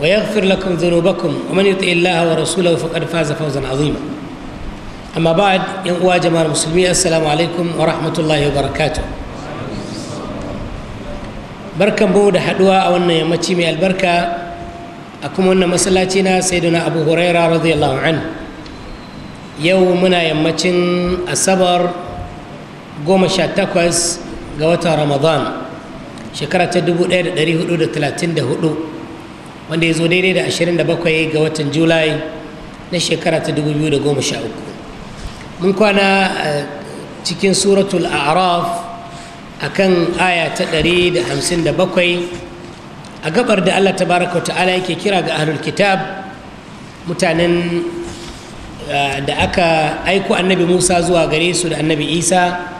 ويغفر لكم ذنوبكم ومن يطع الله ورسوله فقد فاز فوزا عظيما أما بعد يا جماعة المسلمين السلام عليكم ورحمة الله وبركاته barkan mu da haduwa a wannan yammaci mai albarka a kuma wannan masallaci na sayyidina abu huraira radiyallahu an yau muna yammacin asabar goma sha takwas ga watan ramadan shekara da 1434 wanda ya zo daidai da 27 ga watan julai na shekara ta 2013 mun kwana eh, cikin suratul a'raf kan aya ta 157 a gabar da allah tabaraka wa ta'ala yake kira ga ahlul kitab mutanen eh, da aka aiko annabi musa zuwa gare su da annabi isa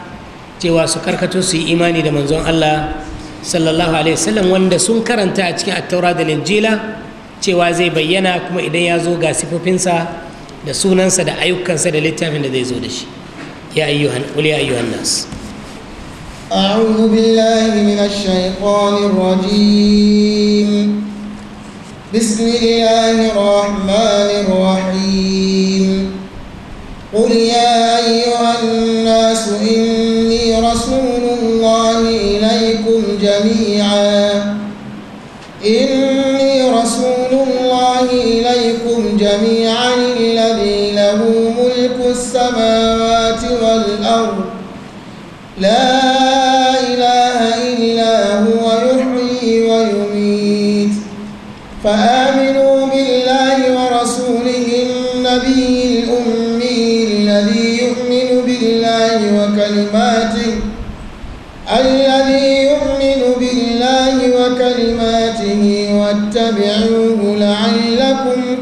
cewa su karkato su yi imani da manzon allah sallallahu alaihi wasallam wanda sun karanta a cikin attaura da linjila cewa zai bayyana kuma idan ya zo ga sifofinsa da sunansa da ayyukansa da littafin da zai zo da shi ya ayyuhan qul ya ayyuhan nas أعوذ بالله من الشيطان الرجيم بسم الله الرحمن الرحيم قل يا أيها الناس إن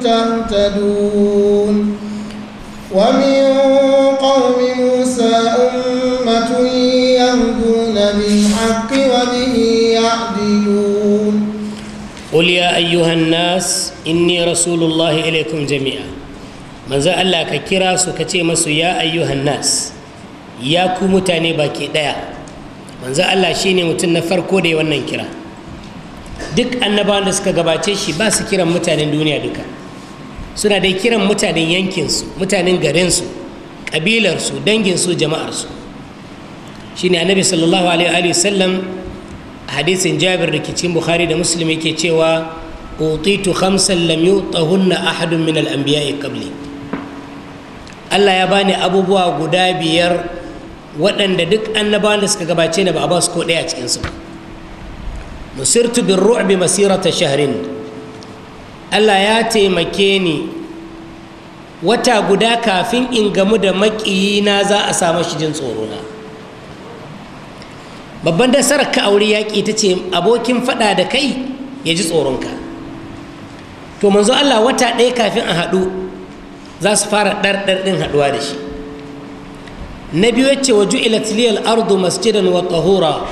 تهتدون ومن قوم موسى أمة يهدون بالحق وبه يعدلون قل يا أيها الناس إني رسول الله إليكم جميعا من ذا الله ككرا سكتي مسو يا أيها الناس يا كمتاني باكي ديا manzo Allah shine mutum na farko da ya wannan kira duk annabawan da suka gabace shi ba su kiran mutanen duniya duka suna dai kiran mutanen yankinsu mutanen garinsu ƙabilarsu danginsu jama'arsu shine annabi sallallahu alaihi sallam a hadisin jabir rikicin bukhari da Musulmi ke cewa utitu khamsan lam yutahunna ahadun min al ya qabli Allah ya bani abubuwa guda biyar waɗanda duk annabawan da suka gabace ni ba a ba su ko ɗaya a cikinsu nusirtu bin ru'bi masirata shahrin allah ya taimake ni wata guda kafin in gamu da makiyina za a samu shi jin tsorona babban da ka aure yaƙi ta ce abokin faɗa da kai ya ji tsoronka to manzo allah wata ɗaya kafin a haɗu za su fara ɗarɗar ɗin haɗuwa da shi na biyu yace wa ju'ilat liyal ardu masjidan wa tahura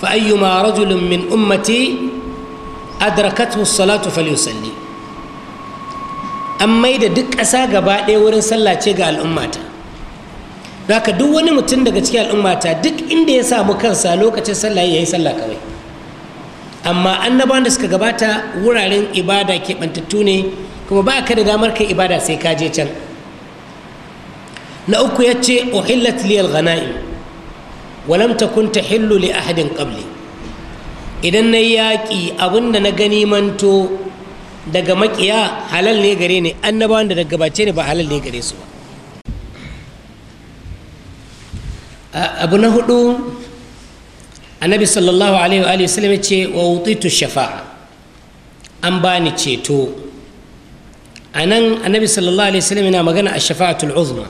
fa ayyuma rajulun min ummati adrakathu salatu falyusalli an maida duk ƙasa gaba ɗaya wurin sallah ce ga al'ummata haka duk wani mutum daga cikin al'ummata duk inda ya samu kansa lokacin sallah ya yi sallah kawai amma annabawan da suka gabata wuraren ibada keɓantattu ne kuma ba ka da damar kai ibada sai ka je can na uku ya ce uhillat liyal ghanaim walam takun tahillu li ahadin qabli idan na yaƙi abinda da na gani manto daga makiya halal ne gare ni annabawan da bace ne ba halal ne gare su ba abu na hudu annabi sallallahu alaihi wa sallam ce wa wutitu shafa'a an bani ceto a nan annabi sallallahu alaihi wasallam yana magana a shafa'atul uzma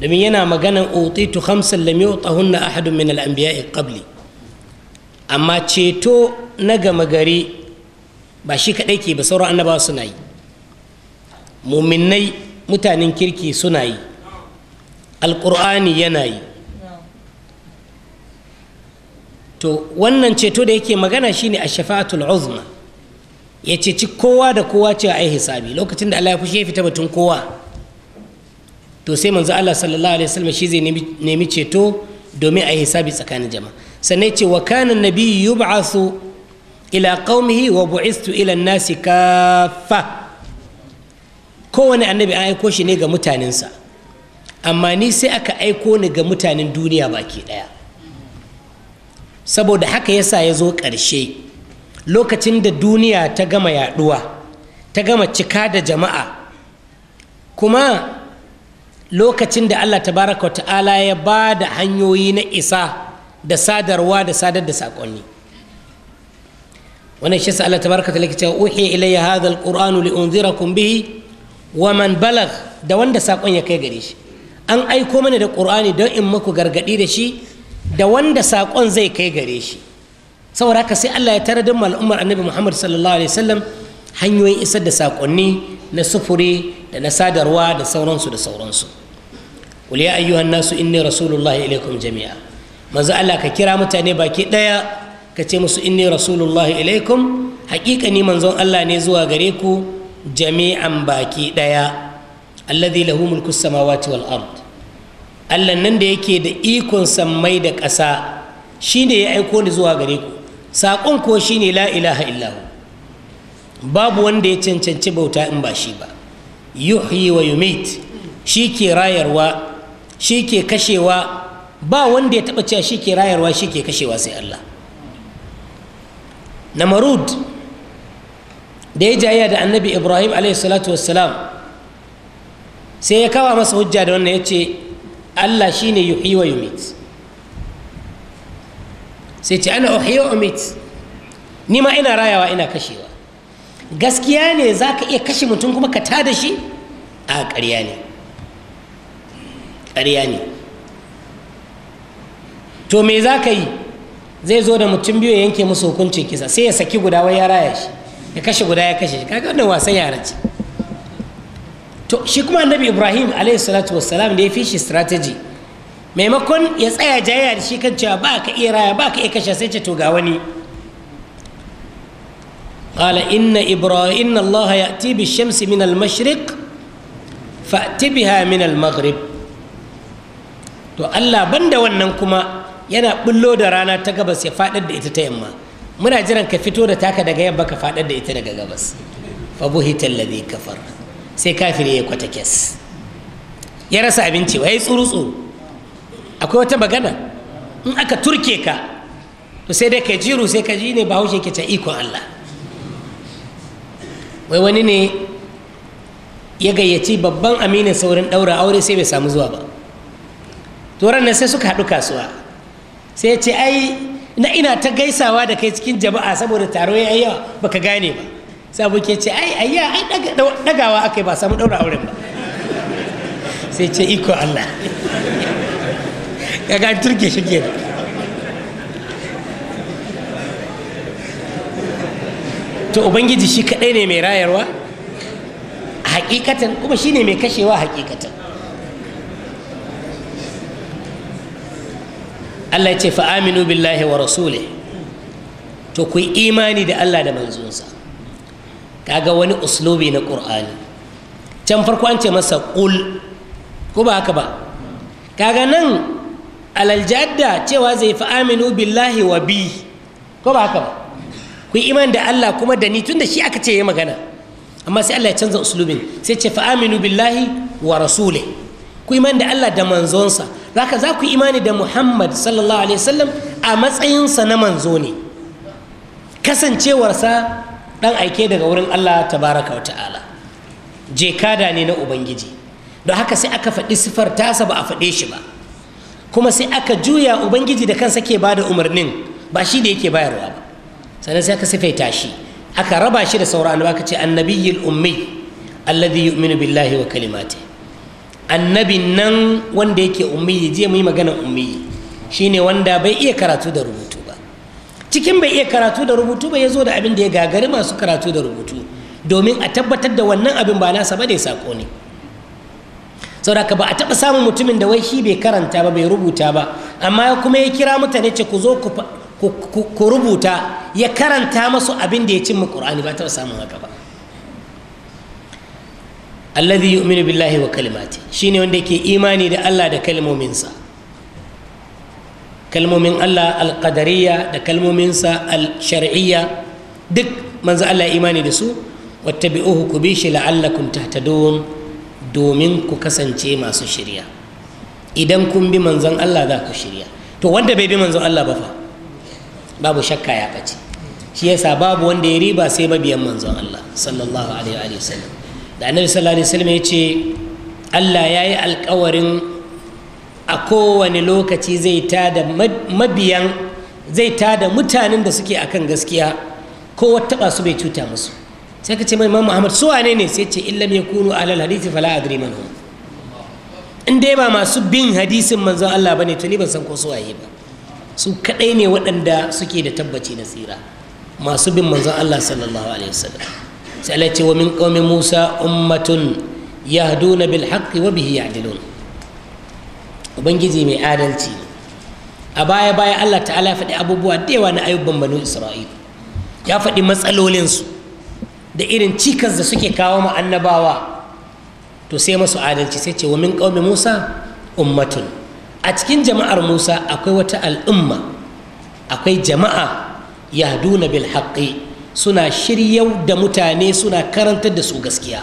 domin yana magana utitu khamsan lam yutahunna ahadun min al-anbiya'i qabli amma ceto na gama gari ba shi kaɗai ke ba sauran annabawa suna yi muminai mutanen kirki suna yi alƙur'ani yana yi to wannan ceto da yake magana shine a shafa'atul uzma ya ceci kowa da kowa cewa ai hisabi lokacin da Allah ya fushe ya fita batun kowa to sai manzo Allah sallallahu alaihi wasallam shi zai nemi ceto domin a ai hisabi tsakanin jama'a sannan ce wa kana nabi su ila qaumihi wa bu'istu ila nasi kafa. kowane annabi an aiko shi ne ga mutanensa amma ni sai aka aiko ni ga mutanen duniya baki ɗaya. saboda haka yasa ya zo ƙarshe lokacin da duniya ta gama yaɗuwa. ta gama cika da jama'a kuma lokacin da allah Ta tabaraka ta'ala ya ba da hanyoyi na isa da sadarwa da sadar da saƙonni wannan shi sa Allah tabaraka ta lake cewa uhiya ilayya hadha alquranu liunzirakum bihi wa man balagh da wanda saƙon ya kai gare shi an aiko mana da qur'ani don in muku gargadi da shi da wanda saƙon zai kai gare shi saboda haka sai Allah ya tarar da al'ummar annabi Muhammad sallallahu alaihi wasallam hanyoyin isar da saƙonni na sufuri da na sadarwa da sauransu da sauransu قل ya أيها nasu إني رسول الله إليكم manzo Allah ka kira mutane baki ɗaya ka ce musu inni rasulullah ilaikum haƙiƙa ni manzon Allah ne zuwa gare ku jami'an baki ɗaya alladhi lahu mulku samawati wal ard Allah nan da yake da ikon sammai da ƙasa shine ya aiko ni zuwa gare ku saƙon ko shine la ilaha illahu babu wanda ya cancanci bauta in ba shi ba yuhyi wa yumit shi ke rayarwa shi ke kashewa ba wanda ya taɓa cewa shi ke rayarwa shi ke kashewa sai Allah namarud da ya jayya da annabi ibrahim salatu wassalam sai ya kawa masa hujja da wannan ya ce Allah shi ne yuhi wa yumit sai ce ana uhi wa umit ni ma ina rayawa ina kashewa gaskiya ne za ka iya kashe mutum kuma ka tada shi a ƙarya ne ƙarya ne to me za ka yi zai zo da mutum biyu ya yanke musu hukuncin kisa sai ya saki guda wai ya raya shi ya kashe guda ya kashe shi kaga wannan wasan yara ce to shi kuma annabi ibrahim alaihi salatu wassalam da ya fi shi strategy maimakon ya tsaya jayya da shi kan cewa ba ka iya raya ba ka iya kashe sai ce to ga wani قال إن إبراهيم إن الله يأتي بالشمس من المشرق فأت بها من المغرب to Allah banda wannan kuma yana bullo da rana ta gabas ya faɗar da ita ta yamma muna jiran ka fito da taka daga yamma ka faɗar da ita daga gabas fa buhi alladhi kafar sai kafiri ya kwata kes ya rasa abinci wai tsuru tsuru akwai wata magana in aka turke ka to sai dai ka jiru sai ka ji ne bahaushe ke ta ikon Allah wai wani ne ya gayyaci babban aminin saurin daura aure sai bai samu zuwa ba to ran sai suka haɗu kasuwa sai ce ai na ina ta gaisawa da kai cikin jama'a saboda taro ya yawa baka gane ba Sabu ke ce ai ayya ai dagawa aka yi ba samu daura auren ba sai ce iko Allah ga gani turke shi ke to ubangiji shi kadai ne mai rayarwa hakikatan kuma shi ne mai kashewa hakikatan Allah ya ce fa aminu billahi wa rasule to ku imani da Allah da manzonsa kaga wani uslubi na qur'ani can farko an ce masa qul ko ba haka ba kaga nan alal jadda cewa zai fa aminu billahi wa bi ko ba haka ba ku iman da Allah kuma da ni tunda shi aka ce ya magana amma sai Allah ya canza uslubin sai ce fa aminu billahi wa rasule ku iman da Allah da manzonsa zaka za ku imani da muhammad sallallahu alaihi wasallam a matsayinsa na manzo ne kasancewarsa dan aike daga wurin allah tabaraka wa ta'ala jekada ne na ubangiji don haka sai aka faɗi sifar tasa ba a faɗe shi ba kuma sai aka juya ubangiji da kansa ke bada umarnin ba shi da yake bayarwa ba sannan sai aka sifaita shi aka raba shi da sauran aka ce annabiyyul ummi alladhi yu'minu billahi wa kalimatihi annabin nan wanda yake ummi je mu yi magana ummi shine wanda bai iya karatu da rubutu ba cikin bai iya karatu da rubutu ba ya zo da abin da ya gagari masu karatu da rubutu domin a tabbatar da wannan abin ba nasa ba ya sako ne saboda ba a taba samun mutumin da wai shi bai karanta ba bai rubuta ba amma kuma ya kira mutane ce ku zo ku rubuta ya karanta masu abin da ya cimma ƙur'ani ba taɓa samun haka ba alladhi yu'minu billahi wa kalimati shine wanda yake imani da Allah da kalmominsa kalmomin Allah alqadariya da kalmominsa alshar'iyya duk manzo Allah imani da su wattabi'uhu ku bi shi la'allakum tahtadun domin ku kasance masu shirya idan kun bi manzon Allah za ku shirya to wanda bai bi manzon Allah ba fa babu shakka ya ɓace shi yasa babu wanda ya riba sai mabiyan manzon Allah sallallahu alaihi wa sallam da annabi sallallahu alaihi wasallam ya ce allah ya yi alkawarin a kowane lokaci zai tada mabiyan zai tada mutanen da suke akan gaskiya ko taɓa su bai cuta musu sai ka ce mai imam muhammad su wane ne sai ce mai kunu alal hadisi fala adri hum in dai ba masu bin hadisin manzon Allah bane to ni ban san ko su waye ba su kadai ne waɗanda suke da tabbaci na tsira masu bin manzon Allah sallallahu alaihi wasallam sai Allah ce wa min qaumi Musa ummatun yahduna bil haqqi wa bihi ya'dilun ubangiji mai adalci a baya baya Allah ta'ala ya faɗi abubuwa da yawa na ayyuban banu Isra'il ya faɗi matsalolinsu da irin cikas da suke kawo ma annabawa to sai masu adalci sai ce wa min qaumi Musa ummatun a cikin jama'ar Musa akwai wata al'umma akwai jama'a yahduna bil haqqi suna shiryau da mutane suna karantar da su gaskiya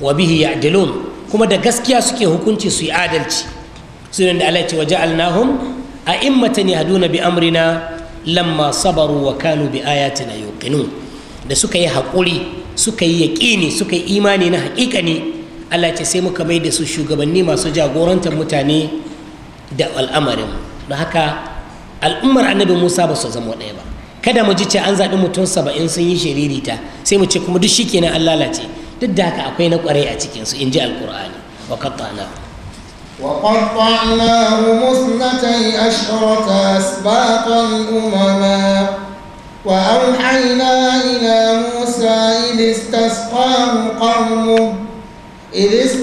wa bihi ya'dilun kuma da gaskiya suke hukunci su yi adalci sunan da Allah ya ce waja'alnahum ne haduna bi amrina lamma sabaru wa kanu bi ayatina yuqinun da suka yi haƙuri suka yi yaƙini suka yi imani na haƙiƙa ne Allah ce sai muka mai da su shugabanni masu jagorantar mutane da al'amarin da haka al'ummar annabi Musa ba su zama ɗaya ba kada mu ji ce an zaɓi mutum saba'in sun yi shiririta sai mu ce kuma duk shikenan an lalace duk da haka akwai na kwarai a cikinsu in ji alkur'ani wa qattana wa qatta'nahu musnatay ashrata asbaqan umama wa awhayna ila musa id istasqahu qawmuhu id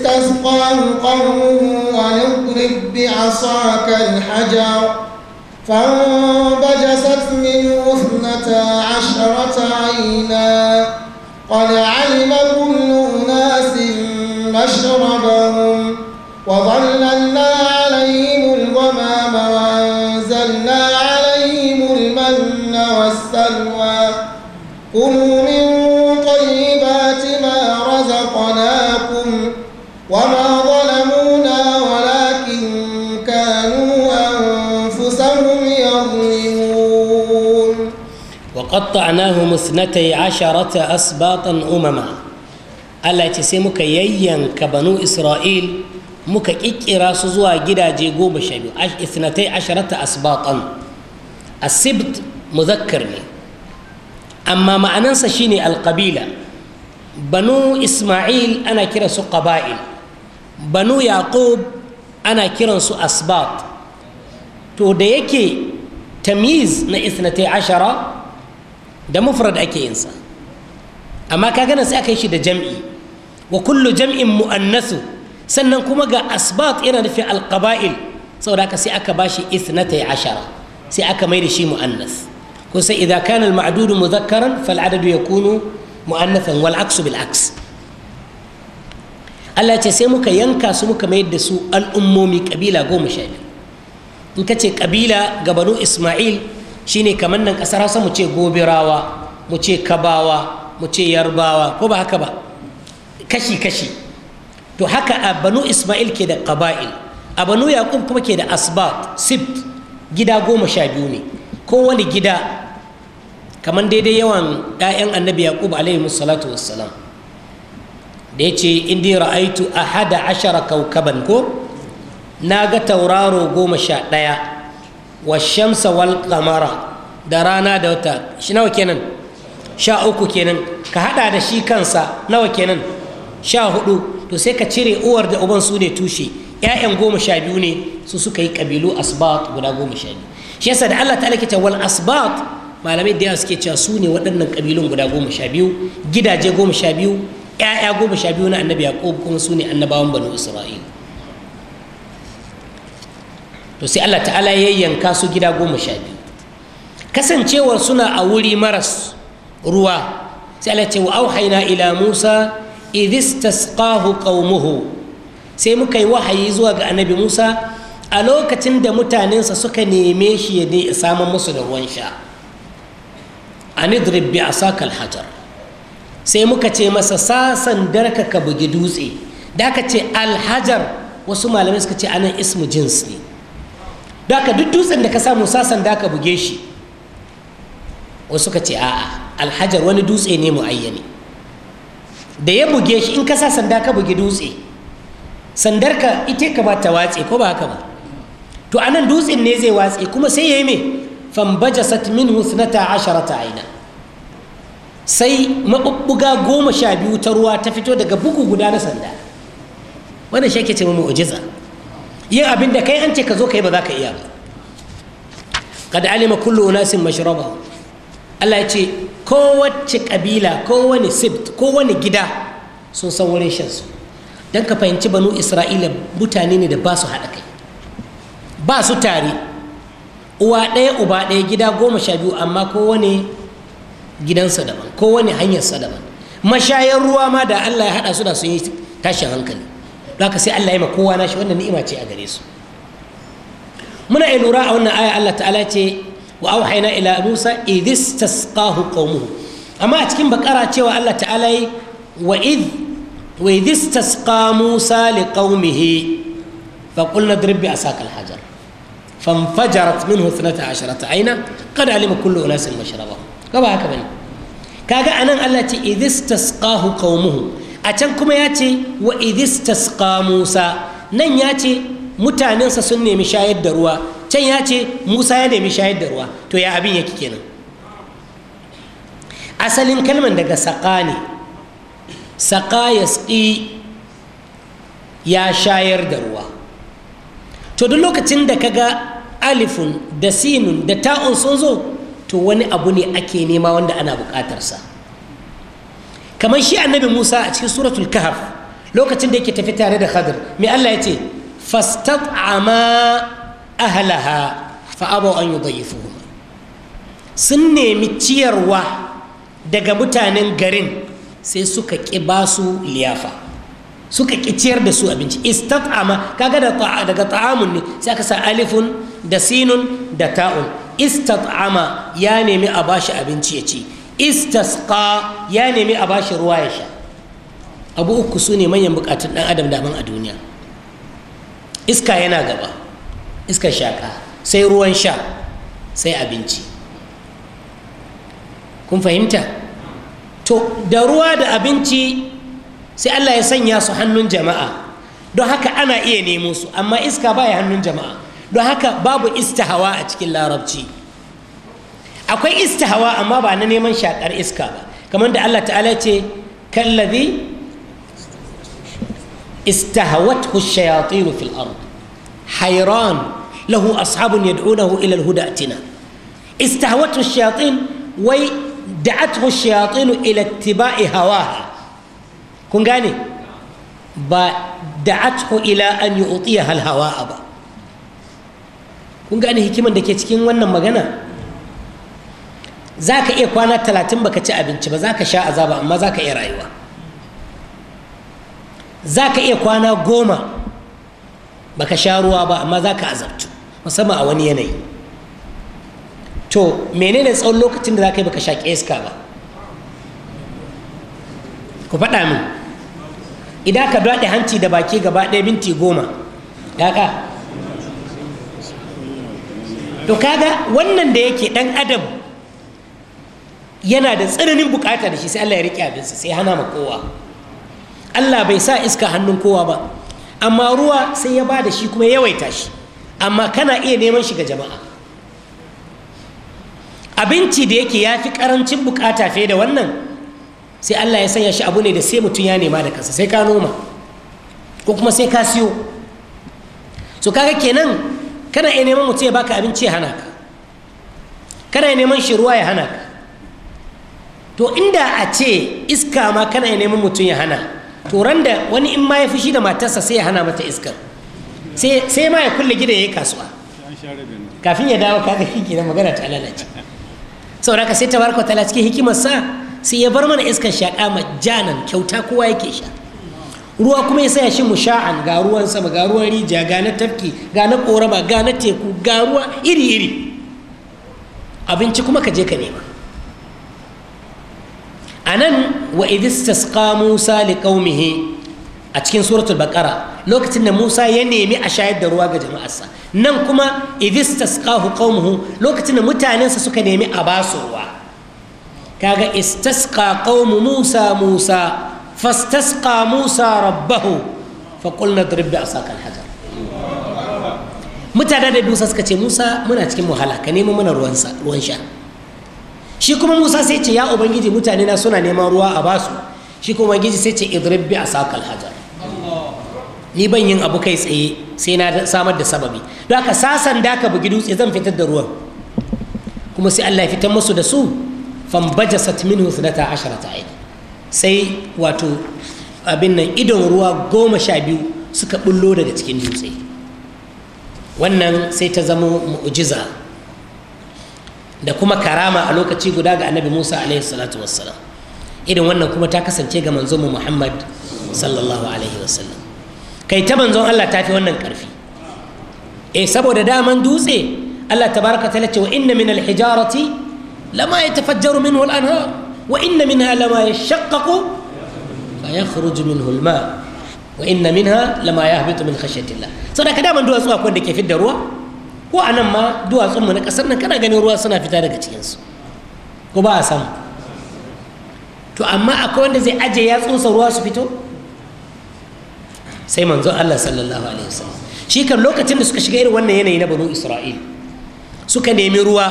wa nadrib bi 'asaka فانبجست منه اثنتا عشرة عينا قد علم كل أناس مشربهم وظن وقطعناهم اثنتي عشرة أسباطا أمما Allah ce sai muka yayyanka banu Isra'il muka ƙiƙira su zuwa gidaje goma sha biyu isnatai asharata asbaqan asibt muzakkar ne amma ma'anansa shine alƙabila banu Isma'il ana kira su ƙaba'il banu Yaqub ana kiran su asbat to da yake tamiz na isnatai ashara da mufrad ake yin sa amma ka gana sai aka yi shi da jam'i wa kullu jam'in mu'annasu sannan kuma ga asbat yana nufi alqaba'il saboda haka sai aka bashi ithnatay ashara sai aka mai da shi mu'annas ko sai idza kana al-ma'dud mudhakkaran fal adadu yakunu mu'annathan wal aksu bil aks Allah ce sai muka yanka su muka mayar da su al'ummomi kabila goma sha biyu in ka ce kabila ga banu Ismail shine kamar nan ƙasar hausa mu ce gobirawa mu ce kabawa mu ce yarbawa ko ba haka ba kashi kashi to haka a banu isma'il ke da kaba'il a banu yaqub kuma ke da asbat sibt gida goma sha biyu ne kowane gida kamar daidai yawan 'ya'yan annabi yaqub alaihi salatu wassalam da ya ce indi ra'aitu ahada ashara kaukaban ko na ga tauraro goma sha ɗaya wa wal da rana da wata shi nawa kenan sha uku kenan ka hada da shi kansa nawa kenan sha hudu to sai ka cire uwar da uban su ne tushe ƴaƴan goma sha biyu ne su suka yi kabilu asbat guda goma sha biyu shi yasa da Allah ta'ala ke cewa wal asbat malamai da yawa suke cewa su ne waɗannan kabilun guda goma sha biyu gidaje goma sha biyu ƴaƴa goma sha biyu na annabi yaqub kuma su ne annabawan banu isra'ila to sai Allah ta'ala ya yanka su gida goma sha biyu kasancewar suna a wuri maras ruwa sai Allah ce wa auhaina ila Musa idis istasqahu qaumuhu sai muka yi wahayi zuwa ga annabi Musa a lokacin da mutanensa suka neme shi ya samun musu da ruwan sha an idrib bi asakal hajar sai muka ce masa sasan darka ka bugi dutse da aka ce alhajar wasu malamai suka ce anan ismu jins ne da ka duk dutsen da ka samu sasan da ka buge shi wasu ka ce a'a alhajar wani dutse ne muayyani da ya buge shi in ka sa sanda ka bugi dutse sandar ka ita ka ba ta watse ko ba haka ba to anan dutsen ne zai watse kuma sai ya yi me fambajasat minhu ta asharata aina sai maɓuɓɓuga goma sha biyu ta ruwa ta fito daga bugu guda na sanda wannan shi ake ce mu'jiza yin abin da kai an ce ka zo kai ba za ka iya ba kada alima kullu unasin mashrabahu Allah ya ce kowace kabila kowane sibt kowane gida sun san wurin shan su dan ka fahimci banu isra'ila mutane ne da ba su haɗa kai ba su tare uwa ɗaya uba ɗaya gida goma sha biyu amma kowane gidansa daban kowane hanyarsa daban mashayar ruwa ma da Allah ya haɗa su da sun yi tashin hankali haka sai Allah ya ma kowa nashi wannan ni'ima ce a gare su muna iya lura a wannan aya Allah ta'ala ce wa auhayna ila Musa idh istasqahu qaumuhu amma a cikin bakara cewa Allah ta'ala yi wa idh wa idh istasqa Musa liqaumihi فقلنا اضرب بعصاك الحجر فانفجرت منه اثنتا عينا قد علم كل أناس مشربهم كما هكذا كاغا أنا التي إذ استسقاه قومه a can kuma ya ce wa idistasqa musa nan ya ce mutanensa sun nemi shayar da ruwa can ya ce musa ya nemi shayar da ruwa to ya abin yake kenan asalin kalman daga saƙa ne saƙa ya ya shayar da ruwa to duk lokacin da ka ga alifun da sinun da ta'un sun zo to wani abu ne ake nema wanda ana buƙatarsa kamar shi annabi musa a cikin suratul kahf lokacin da yake tafi tare da khadir mai allah ya ce fastat'ama ahlaha fa abaw an yudayyifuhuma sun nemi ciyarwa daga mutanen garin sai suka ƙi ba su liyafa suka ƙi ciyar da su abinci ista-ama kaga daga ta'amun ne sai aka sa alifun da sinun da ta'un istat'ama ya nemi a bashi abinci ya ci istasqa ya nemi a bashi ruwa ya sha abu uku su ne manyan bukatun dan adam da a duniya iska yana gaba iska shaka sai ruwan sha sai abinci kun fahimta to da ruwa da abinci sai allah ya sanya su hannun jama'a don haka ana iya nemo su amma iska baya hannun jama'a don haka babu ista hawa a cikin larabci akwai istihawa amma ba na neman shakar iska ba kamar da Allah ta'ala ya ce kallazi istahawathu shayatin fil ard hayran lahu ashabun yad'unahu ila al-huda atina istahawathu shayatin wai da'athu shayatin ila ittiba'i hawaha kun gane ba da'athu ila an yu'tiha al-hawa'a ba kun gane hikiman da ke cikin wannan magana za ka iya kwana talatin baka ci abinci ba za ka sha azaba amma za ka iya rayuwa za ka iya kwana goma baka sha ruwa ba amma za ka azabtu musamman a wani yanayi to menene tsawon lokacin da za ka yi baka sha ƙeska ba ku faɗa min idan ka daɗe hanci da baki gaba ɗaya minti goma ya ka to kaga wannan da yake ɗan adam yana da tsananin bukata da shi sai Allah ya rike abinsa sai hana ma kowa Allah bai sa iska hannun kowa ba amma ruwa sai ya ba da shi kuma yawaita shi amma kana iya neman shi ga jama'a abinci da yake ya fi karancin bukata fiye da wannan sai Allah ya sanya shi abu ne da sai mutum ya nema da kansa sai ka noma ko kuma sai ka siyo so kaga kenan kana iya neman mutum ya baka abinci ya hana ka kana iya neman shi ruwa ya hana ka to inda a ce iska ma kana neman mutum ya hana to ran da wani in ma ya fushi da matarsa sai ya hana mata iskar sai ma ya kulle gida ya yi kasuwa kafin ya dawo kaga shi na magana ta lalace saboda ka sai ta barka ta hikimar hikimarsa sai ya bar mana iskar shaƙa ma nan kyauta kowa yake sha ruwa kuma ya saya shi musha'an ga ruwan sama ga ruwan rijiya ga na tafki ga na korama ga na teku ga ruwa iri iri abinci kuma ka je ka nema a nan wa idistasqa musa li a cikin suratul baqara lokacin da musa ya nemi a shayar da ruwa ga jama'arsa nan kuma idistasqahu qaumuhu lokacin da mutanensa suka nemi a basu ruwa kaga istasqa qaumu musa musa fastasqa musa rabbahu fa qulna drib bi asaka al-hajar mutane da musa suka ce musa muna cikin muhala ka nemo mana ruwan sha shi kuma musa sai ce ya ubangiji mutane na suna neman ruwa a basu shi kuma ubangiji sai ce idrib bi asakal hajar ni ban yin abu kai tsaye sai na samar da sababi don haka sasan da ka bugi dutse zan fitar da ruwan kuma sai Allah ya fitar musu da su fambaja satminu sunata ta ayi sai wato abin nan idon ruwa goma sha biyu suka bullo daga cikin dutse wannan sai ta zama mu'ujiza da kuma karama a lokaci guda ga annabi musa alaihi salatu wassalam irin wannan kuma ta kasance ga manzon mu muhammad sallallahu alaihi wasallam kai ta manzon allah ta fi wannan karfi eh saboda daman dutse allah tabaraka ta ce wa inna min alhijarati lama yatafajjaru minhu al-anhar wa inna minha lama yashaqqaqu فيخرج منه الماء وإن lama ya يهبط min خشية الله صدق دائما دوا سوا da ke fidda ruwa. ko a nan ma duwatsunmu na ƙasar nan kana ganin ruwa suna fita daga cikinsu ko ba a samu to amma akwai wanda zai ajiye ya tsosa ruwa su fito sai manzo Allah sallallahu alaihi wasallam shi kan lokacin da suka shiga irin wannan yanayi na banu Isra'il suka nemi ruwa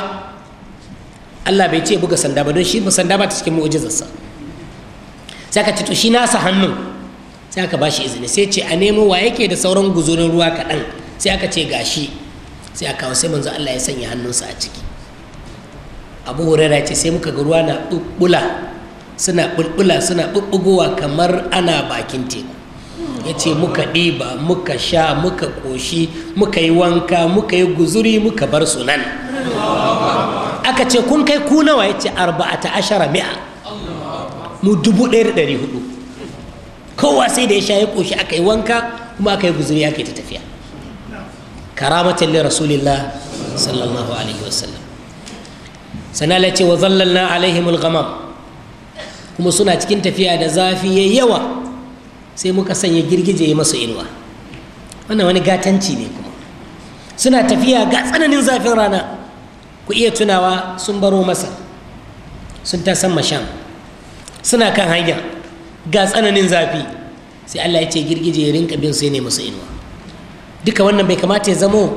Allah bai ce buga sanda ba don shi sanda ba ta cikin mu'jizarsa sai ka ce to shi nasa hannun sai aka ba shi izini sai ce a nemo wa yake da sauran guzurin ruwa kaɗan sai aka ce gashi sai a kawo sai manzo Allah ya sanya hannunsa a ciki abu huraira ce sai muka ga ruwa na bubbula suna bubbula suna bubbugowa kamar ana bakin teku ya ce muka ɗiba muka sha muka koshi muka yi wanka muka yi guzuri muka bar su nan aka ce kun kai ku nawa ya ce arba'ata ashara mi'a mu dubu ɗaya da ɗari hudu kowa sai da ya sha ya koshi aka yi wanka kuma aka yi guzuri aka yi ta tafiya karamatan li rasulillah sallallahu alaihi wasallam sana la ce wa zallalna kuma suna cikin tafiya da zafi ya yawa sai muka sanya girgije ya masu inuwa wannan wani gatanci ne kuma suna tafiya ga tsananin zafin rana ku iya tunawa sun baro masa sun ta san masham suna kan hanya ga tsananin zafi sai allah ya ce girgije ya rinka bin sai ne masu inuwa duka wannan bai kamata ya zamo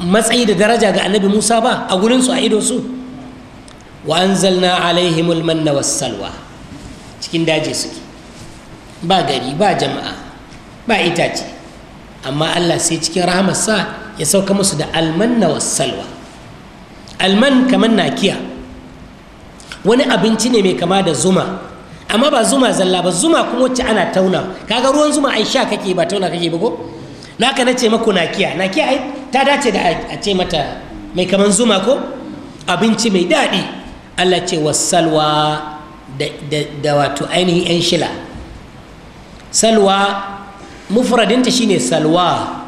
matsayi da daraja ga annabi musa ba a gurinsu a ido su wa anzalna alaihimul manna wasalwa cikin daji suke ba gari ba jama'a ba itace amma allah sai cikin rahamarsa ya sauka musu da almanna wasalwa alman kamar nakiya wani abinci ne mai kama da zuma amma ba zuma zalla ba zuma kuma wacce ana tauna kaga ruwan zuma ai sha kake ba tauna kake ba ko naka na ce maku nakiya nakiya ta dace da a ce mata mai kaman zuma ko abinci mai daɗi allah ce wasalwa da wato ainihin 'yan shila salwa mufradinta shine salwa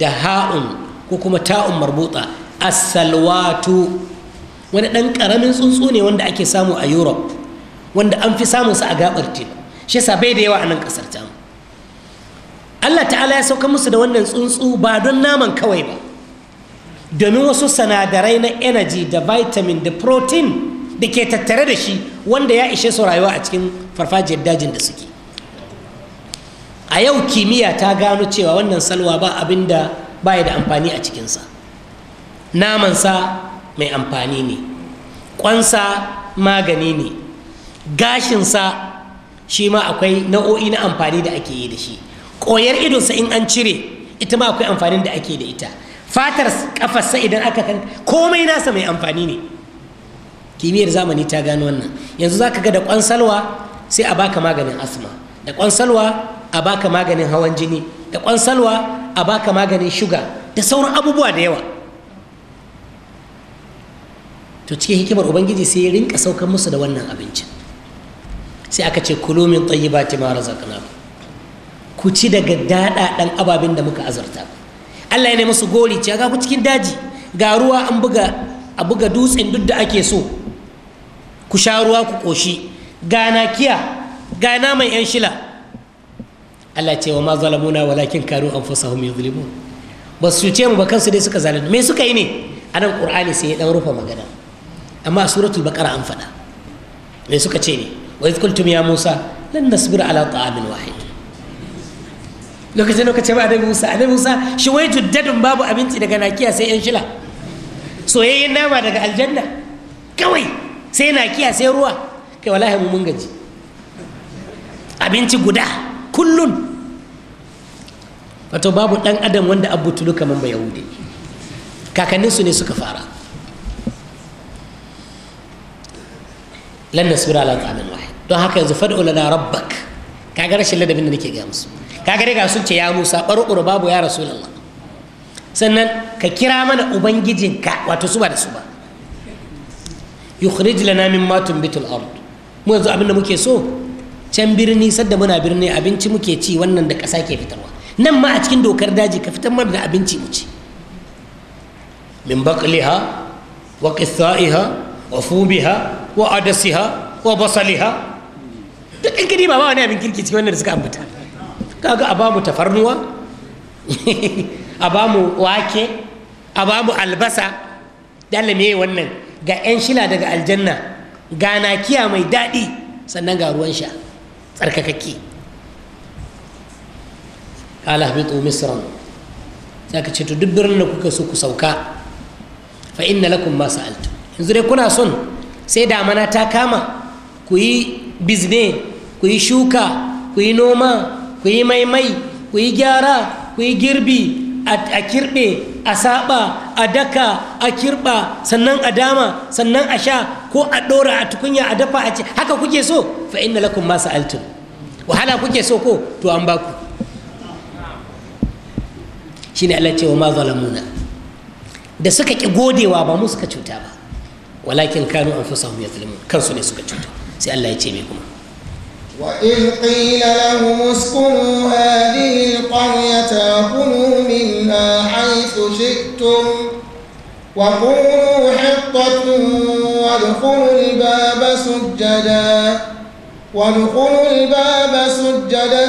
da ha'un ko kuma ta'un marbuta asalwatu wani ɗan ƙaramin tsuntsu ne wanda ake samu a europe wanda an fi samunsa a gaɓar teku shi bai da yawa a nan ƙasar tamu Allah ta'ala ya sauka musu da wannan tsuntsu ba don naman kawai ba domin wasu sanadarai na energy da vitamin da protein da ke tattare da shi wanda ya ishe su rayuwa a cikin farfajiyar dajin da suke a yau kimiyya ta gano cewa wannan salwa ba abin da baya da amfani a cikinsa namansa mai amfani ne kwansa magani ne gashinsa shi ma akwai nau'o'i na amfani da ake yi da shi koyar idonsa in an cire ita ma akwai amfanin da ake da ita fatar kafarsa idan aka kan komai nasa mai amfani ne kimiyyar zamani ta gano wannan yanzu zaka ga da salwa sai a baka maganin asma da kwansalwa a baka maganin hawan jini da salwa a baka maganin shuga da sauran abubuwa da yawa to cikin hikimar ubangiji sai ya rinka saukar musu da wannan abincin sai aka ce kulu min tayyibati ma razaqnakum ku ci daga ɗan ababen da muka azarta Allah ya nemi su gori ce ku cikin daji ga ruwa an buga a buga dutsen duk da ake so ku sha ruwa ku ƙoshi ga nakiya ga naman yan shila Allah ce wa ma zalamuna walakin fasa anfusahum yuzlimun ba su ce mu ba kansu dai suka zalunta me suka yi ne anan qur'ani sai ya dan rufe magana amma suratul baqara an faɗa me suka ce ne wa iz qultum ya musa lan nasbira ala ta'amin wahid lokacin lokaci ba da musa da musa shi wai juddadin babu abinci daga nakiya sai yan shila soyayyen nama daga aljanna kawai sai nakiya sai ruwa kai wallahi mun gaji abinci guda kullun wato babu dan adam wanda abu tulu kaman ba yahude kakanninsu ne suka fara lan nasbira ala ta'amin don haka yanzu fad'u lana rabbak kaga rashin ladabin da nake ga musu kaga dai ga sun ce ya musa ɓarɓar babu ya rasulallah sannan ka kira mana ubangijinka wato su ba da su ba yukhrij lana mimma tunbitul ard mu yanzu abin da muke so can birni sadda muna birni abinci muke ci wannan da ƙasa ke fitarwa nan ma a cikin dokar daji ka fitar mana da abinci mu ci min baqliha wa qithaiha wa fubiha wa adasiha wa basaliha duk in kadi ba wani abin kirki cikin wannan da suka ambata kaga a bamu tafarnuwa a bamu wake a bamu albasa dala me wannan ga 'yan shila daga aljanna ga nakiya mai daɗi sannan ga ruwan sha tsarkakakki ala habitu misran za ka ce to duk da kuka so ku sauka fa inna lakum ma sa'altu yanzu dai kuna son sai damana ta kama ku yi bizne ku yi shuka ku yi noma ku yi maimai ku yi gyara ku yi girbi a kirɓe a saɓa, a daka a kirɓa sannan a dama sannan a sha ko a ɗora a tukunya a dafa a ce haka kuke so fa inna lakum ma sa'altum wahala kuke so ko to an baku shine Allah cewa ma zalamuna da suka ki godewa ba mu suka cuta ba walakin kanu anfusahum yazlimun kansu ne suka cuta sai Allah ya ce me kuma وإذ قيل لهم اسكنوا هذه القرية وكلوا منها حيث شئتم وقولوا حطة وادخلوا الباب سجدا وادخلوا الباب سجدا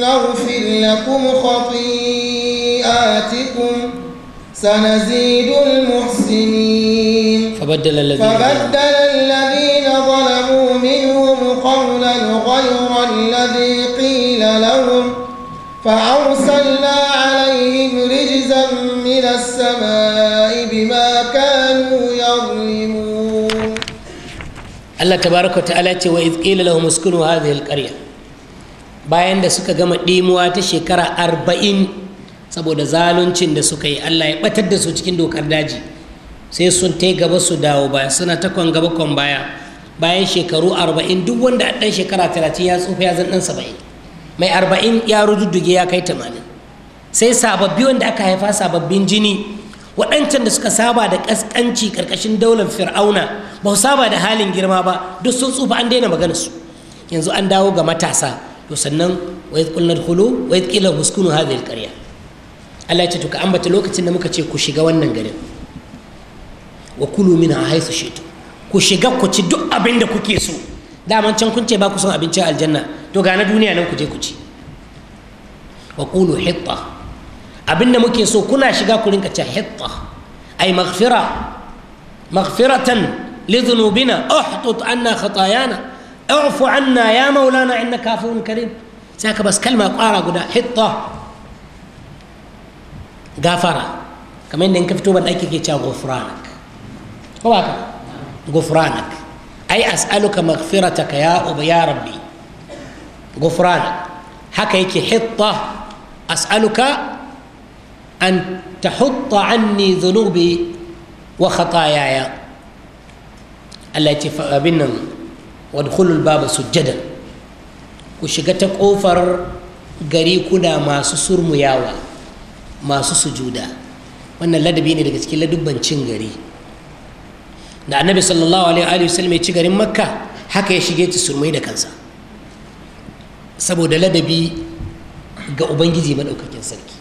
نغفر لكم خطيئاتكم سنزيد المحسنين فبدل الذين فبدل الذين ظلموا منهم قولا غير الذي قيل لهم فأرسلنا عليهم رجزا من السماء بما كانوا يظلمون الله تبارك وتعالى وإذ قيل لهم اسكنوا هذه القرية bayan da suka gama ɗimuwa ta shekara arba'in saboda zaluncin da suka yi allah ya batar da su cikin dokar daji sai sun tai gaba su dawo baya suna ta kwan gaba kwan baya bayan shekaru arba'in duk wanda ɗan shekara talatin ya tsufa ya zan dan saba'in mai arba'in ya rududduge ya kai 80 sai sababbi wanda aka haifa sababbin jini waɗancan da suka saba da ƙasƙanci ƙarƙashin daular fir'auna ba su saba da halin girma ba duk sun tsufa an daina magana su yanzu an dawo ga matasa to sannan wa yadda kulnar wa yadda huskunu hadhihi alqaryah Allah ce to ambata lokacin da muka ce ku shiga wannan garin wa kulu min haisu shitu ku shiga ku ci duk abin da kuke so dama can kun ce ba ku son abinci aljanna to ga na duniya nan ku je ku ci wa kulu hitta abin da muke so kuna shiga ku rinka ce hitta ay maghfira maghfiratan lidhunubina uhtut anna khatayana اعفو عنا يا مولانا انك عفو كريم كلمه قاره قدا حطه gafara kamar yadda in ka fito ban ɗaki ke cewa gufranak ko ba ka gufranak ai as'aluka maghfirataka ya uba ya rabbi gufranak haka yake hitta as'aluka an hutta anni dhunubi wa khataayaya Allah ce abin nan wadkhulul baba sujjadan ku shiga ta kofar gari kuna masu surmuyawa masu sujuda wannan ladabi ne daga cikin ladubban cin gari da annabi sallallahu alaihi wasallam ya ci garin makka haka ya shige ta surmai da kansa saboda ladabi ga ubangiji maɗaukakin sarki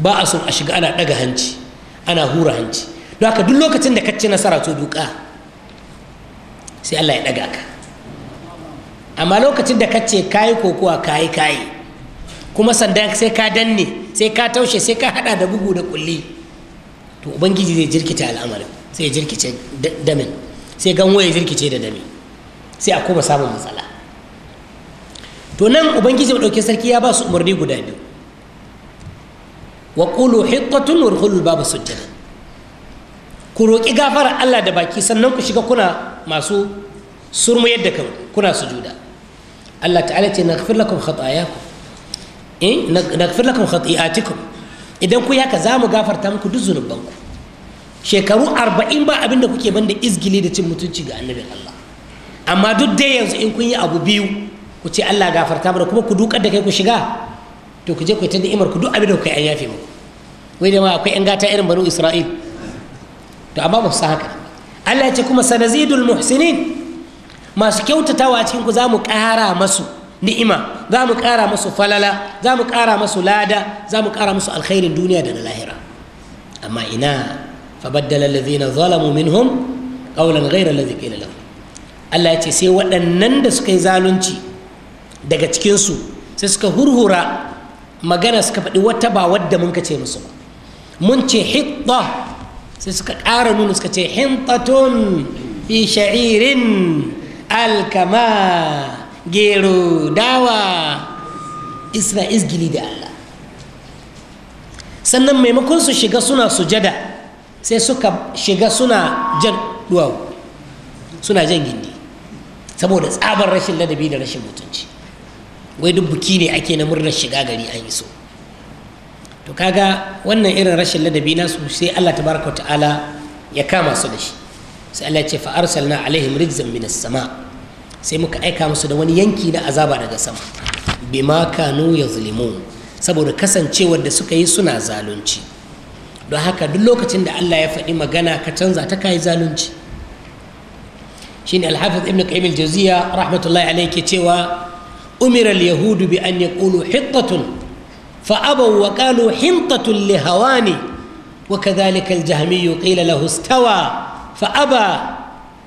ba a son a shiga ana ɗaga hanci ana hura hanci don haka duk lokacin da ka nasara to duka sai allah ya ɗaga ka amma lokacin da ka ce kayi kokowa kayi kayi kuma sandan sai ka danne sai ka taushe sai ka hada da bugu da kulli to ubangiji zai jirkita al'amarin sai ya jirkice damin sai ganwo ya jirkice da dami sai a kuma samun matsala to nan ubangiji dauke sarki ya ba su umarni guda biyu wa qulu hittatun warhulul babu sujjada ku roƙi gafara Allah da baki sannan ku shiga kuna masu surmu yadda kan kuna sujuda Allah ta'ala ce na kafir lakum khatayakum in nagfir lakum khati'atikum idan ku haka za mu gafarta muku duk zunubanku shekaru arba'in ba abin da kuke banda izgili da cin mutunci ga annabin Allah amma duk dai yanzu in kun yi abu biyu ku ce Allah gafarta da kuma ku dukar da kai ku shiga to ku je ku ta ni'imar ku duk abin da ku kai an yafe muku wai da ma akwai yan gata irin banu Isra'il to amma ba su haka Allah ya ce kuma sanazidul muhsinin masu kyautatawa cikin ku za mu kara masu ni'ima za mu ƙara masu falala za mu ƙara masu lada za mu ƙara masu alkhairin duniya da na lahira amma ina fa baddala allazina zalamu minhum qawlan ghayra allazi qila lahum Allah ya ce sai waɗannan da suka yi zalunci daga cikin su sai suka hurhura magana suka faɗi wata ba wadda mun ce musu ba mun ce hitta sai suka ƙara nuna suka ce hintatun fi sha'irin alkama gero dawa isra'is gili da Allah sannan maimakon su shiga suna sujada sai suka shiga suna jan duwawu suna jan gindi saboda tsabar rashin ladabi da rashin mutunci wai duk buki ne ake na murnar shiga gari an yi so to kaga wannan irin rashin ladabi nasu sai Allah tabaraka ta'ala ya kama su da shi sai Allah ya ce fa arsalna alaihim rijzan minas sama' sai muka aika musu da wani yanki na azaba daga sama bima kanu saboda kasancewar da suka yi suna zalunci don haka duk lokacin da Allah ya faɗi magana ka canza ta kai zalunci shine ne hafiz ibn qayyim al-jawziya rahmatullahi alayhi ke cewa umira al-yahudu bi an yaqulu hittatun fa abaw wa qalu hintatun li hawani wa kadhalika al-jahmiyyu qila lahu istawa fa aba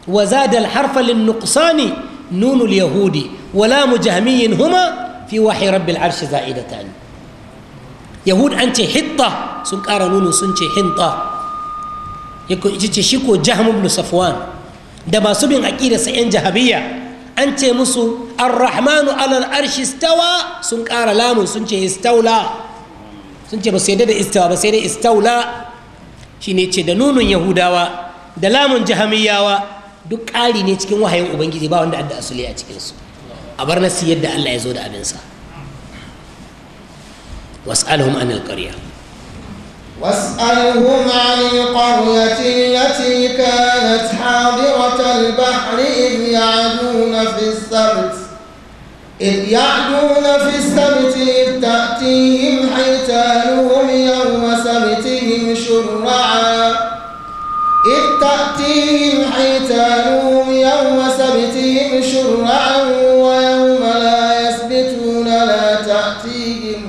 wa zada al-harfa lin-nuqsani نون اليهود ولام جهمي هما في وحي رب العرش زائدتان يهود أنت حطة سنكار نون سنتي حنطة yace shi ko jahm ibn da masu bin aqida sa yan jahabiyya an ce musu ar-rahmanu alal arshi sun ƙara lamun sun ce istaula sun ce ba su yadda da istawa ba sai dai ce da nunun yahudawa da lamun jahamiyawa duk ƙari ne cikin wahayin ubangiji ba wanda addu'a asali a su a bar nasu yadda allah ya zo da abin sa was'alhum an alƙarya was'alhum عن القرية allati kanat حاضرة البحر id ya'duna في sabt إذ يعدون في السبت إذ تأتيهم حيتانهم يوم سبتهم شرعاً تأتيهم حيتانهم يوم سبتهم شرعا ويوم لا يسبتون لا تأتيهم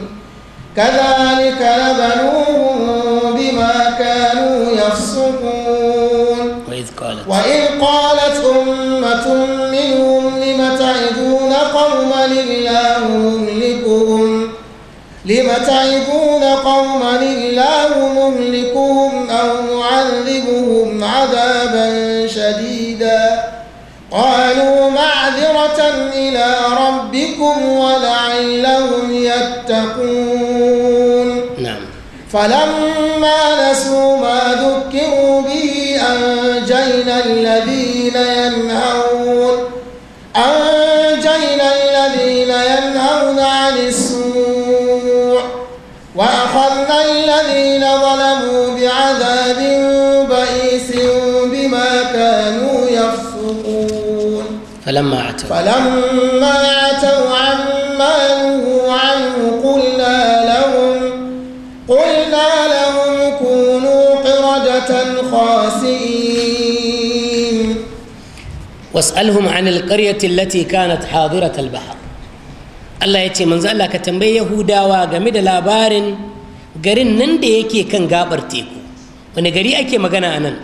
كذلك نبلوهم بما كانوا يفسقون وإذ قالت وإذ قالت أمة منهم لم تعدون قوما لله مهلكهم لم تعدون قوما لله مهلكهم أو عذابا شديدا قالوا معذرة إلى ربكم ولعلهم يتقون نعم فلما نسوا ما ذكروا به أنجينا الذين فلما عتوا فلما عتوا عما نهوا عنه قلنا لهم قلنا لهم كونوا قردة خاسئين واسألهم عن القرية التي كانت حاضرة البحر الله يتي من زال كتنبي يهودا وغمد لابارن garin nan da yake kan gabar teku wani gari ake magana a nan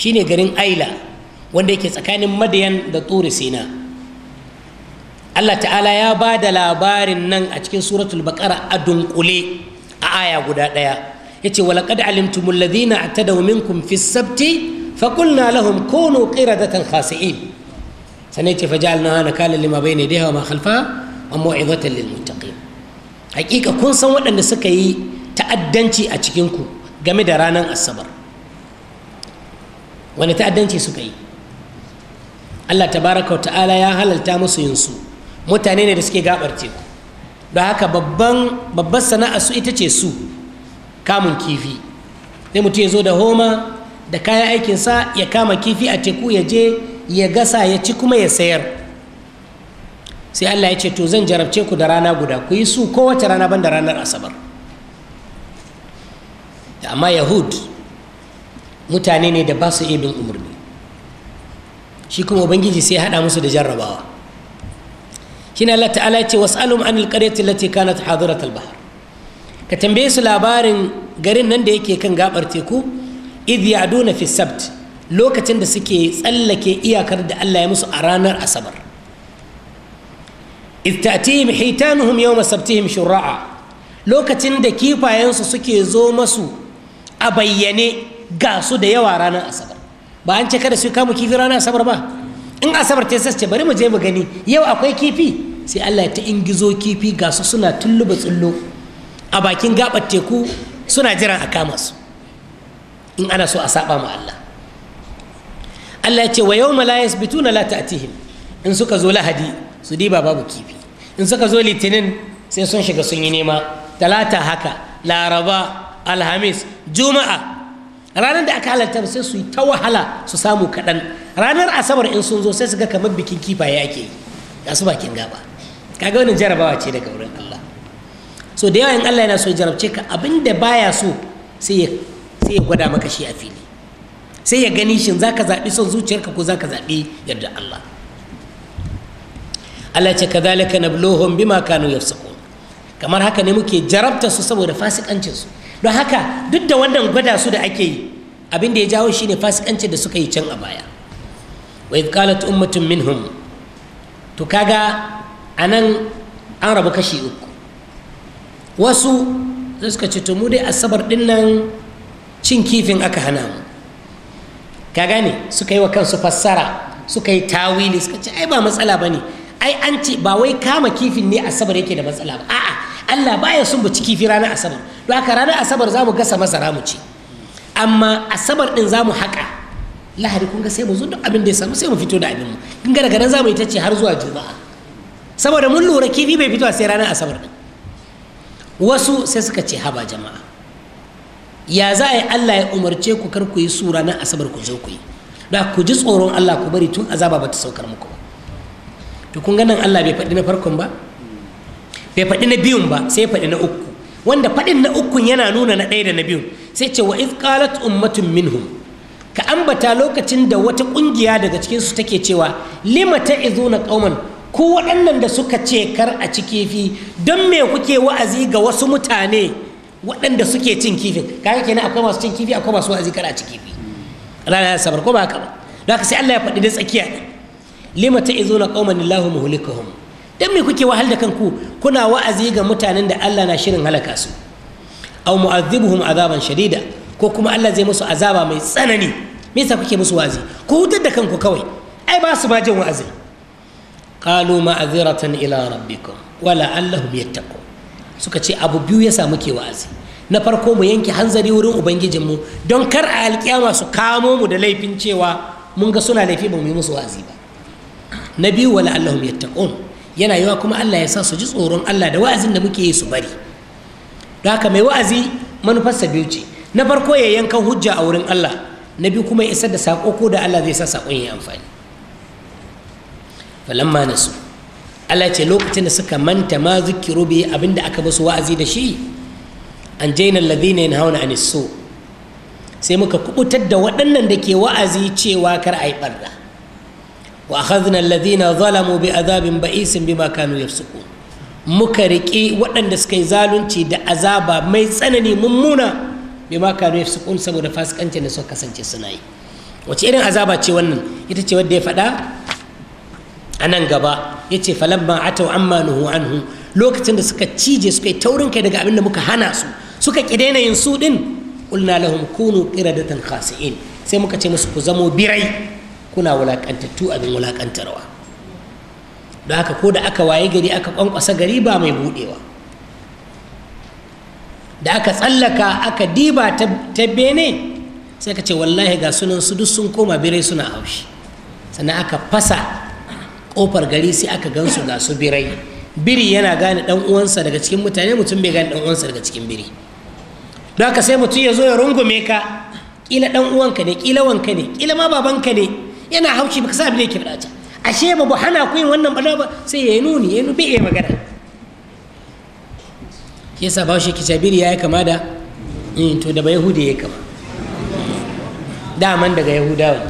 shine garin aila wanda yake tsakanin madiyan da turi sina Allah ta'ala ya ba da labarin nan a cikin suratul baqara a dunkule a aya guda ɗaya ya ce walaƙad alimtumul ladina atadaw minkum fi sabti faƙulna lahum kunu qiradatan khasi'in sannan ce hana nakalan lima ne yadayha wa ma khalfaha wa mau'izatan lil muttaqin hakika kun san waɗanda suka yi ta'addanci a cikinku game da ranar asabar wani ta'addanci suka yi Allah tabaraka wa ta'ala ya halalta musu yin su mutane ne da suke gabar teku don haka babban babbar sana'a su ita ce su kamun kifi sai mutu ya zo da homa da kayan aikinsa ya kama kifi a teku ya je ya gasa ya ci kuma ya sayar sai Allah ya ce to zan jarabce ku da rana guda ku yi su kowace rana ban da ranar asabar amma yahud mutane ne da ba su iya bin umarni shi kuma ubangiji sai haɗa musu da jarrabawa shine Allah ta'ala ce was'alum anil qaryati allati kanat hadirat al bahr ka tambaye su labarin garin nan da yake kan gabar teku idh ya'duna fi sabt lokacin da suke tsallake iyakar da Allah ya musu a ranar asabar idh ta'tihim hitanuhum yawma sabtihim shurra'a lokacin da kifayensu suke zo masu a bayyane ga su da yawa ranar asabar ba an ce kada su kama kifi rana asabar ba in asabar ta sasce bari mu je mu gani yau akwai kifi sai Allah ya ta ingizo kifi ga su suna tulluba tsullo a bakin gabar teku suna jiran a kama su in ana so a saba ma Allah Allah ya ce wa yawma la yasbituna la ta'tihim in suka zo lahadi su diba babu kifi in suka zo litinin sai sun shiga sun yi nema talata haka laraba alhamis juma'a ranar da aka halarta sai su yi ta wahala su samu kaɗan ranar asabar in sun zo sai su ga kamar bikin kifaye ake yi ga su bakin gaba kaga wani jarabawa ce daga wurin Allah so da yawa in Allah yana so jarabce ka abin da baya so sai ya gwada maka shi a fili sai ya gani shin zaka zaɓi son zuciyarka ko ka zaɓi yarda Allah Allah ce kadhalika nabluhum bima kanu yafsaqun kamar haka ne muke jarabta su saboda fasikancin su don haka duk da wannan gwada su da ake yi abin da ya jawo shine fasikanci da suka yi can a baya wa idh qalat ummatun minhum to kaga anan an rabu kashi uku wasu da suka ce to mu dai asabar din nan cin kifin aka hana mu ka gane suka yi wa kansu fassara suka yi tawili suka ce ai ba matsala bane ai an ce ba wai kama kifin ne asabar yake da matsala ba a'a Allah baya son ba ciki fi ranar asabar don haka ranar asabar za mu gasa masara mu ci amma asabar ɗin za mu haƙa lahadi kun ga sai mu abin da ya samu sai mu fito da abin mu kun ga daga nan za mu yi ta ce har zuwa juma'a saboda mun lura kifi bai fito sai ranar asabar din wasu sai suka ce haba jama'a ya za a yi Allah ya umarce ku kar ku yi su ranar asabar ku zo ku yi da ku ji tsoron Allah ku bari tun azaba ba ta saukar muku ba to kun ganin Allah bai faɗi na farkon ba bai faɗi na biyun ba sai faɗi na uku wanda faɗin na ukun yana nuna na ɗaya da na biyun sai ce wa iz qalat ummatun minhum ka ambata lokacin da wata ƙungiya daga cikin su take cewa lima ta izuna qauman ku waɗannan da suka ce kar a ci kifi don me kuke wa'azi ga wasu mutane waɗanda suke cin kifin kaga kenan akwai masu cin kifi akwai masu wa'azi kar a ci kifi rana ya sabar ko ba haka ba don haka sai Allah ya faɗi da tsakiya lima ta izuna qauman illahu muhlikahum dan me kuke wahal da kanku kuna wa'azi ga mutanen da Allah na shirin halaka su aw mu'adhibuhum azaban shadida ko kuma Allah zai musu azaba mai tsanani me yasa kuke musu wa'azi ku hutar da kanku kawai ai ba su ba jin wa'azi qalu ma'aziratan ila rabbikum wa la'allahum yattaqun suka ce abu biyu ya sa muke wa'azi na farko mu yanke hanzari wurin ubangijinmu don kar a alkiyama su kamo mu da laifin cewa mun ga suna laifi ba mu yi musu wa'azi ba na biyu wa yattaqun yana yiwa kuma Allah ya sa su ji tsoron Allah da wa'azin da muke yi su bari don haka mai wa'azi manufarsa biyu ce na farko ya yanka hujja a wurin Allah na biyu kuma ya isar da sako ko da Allah zai sa saƙon ya amfani falamma nasu Allah ce lokacin da suka manta ma zikiru bi abinda aka basu wa'azi da shi an jaina alladhina yanhauna a su sai muka kubutar da waɗannan da ke wa'azi cewa kar a yi barna wa akhadna alladhina zalamu bi azabin ba'isin bima muka riƙi waɗanda suka yi zalunci da azaba mai tsanani mummuna bima kanu yafsukun saboda fasikancin da suka kasance suna yi wace irin azaba ce wannan ita ce wadda ya faɗa a nan gaba ya ce falamma atau amma nuhu anhu lokacin da suka cije suka yi taurin kai daga abin da muka hana su suka ƙi daina yin su ɗin ƙulna lahum kunu qiradatan khasi'in sai muka ce musu ku zamo birai kuna wulaƙantattu abin wulaƙantarwa don haka ko da aka waye gari aka ƙwanƙwasa gari ba mai buɗewa da aka tsallaka aka diba ta bene sai ka ce wallahi ga sunan su duk sun koma birai suna haushi sannan aka fasa ƙofar gari sai aka gansu ga su birai biri yana gane ɗan uwansa daga cikin mutane mutum bai gane ɗan uwansa daga cikin biri don haka sai mutum ya zo ya rungume ka ƙila ɗan uwanka ne ƙila wanka ne ƙila ma babanka ne yana haushi baka sa ne da yake ashe ba bu hana ku yin wannan bala ba sai ya nuni ya nubi ya magana yasa ba shi ki ya yi kama da eh to da ba yahudi ya kama daman daga yahudawa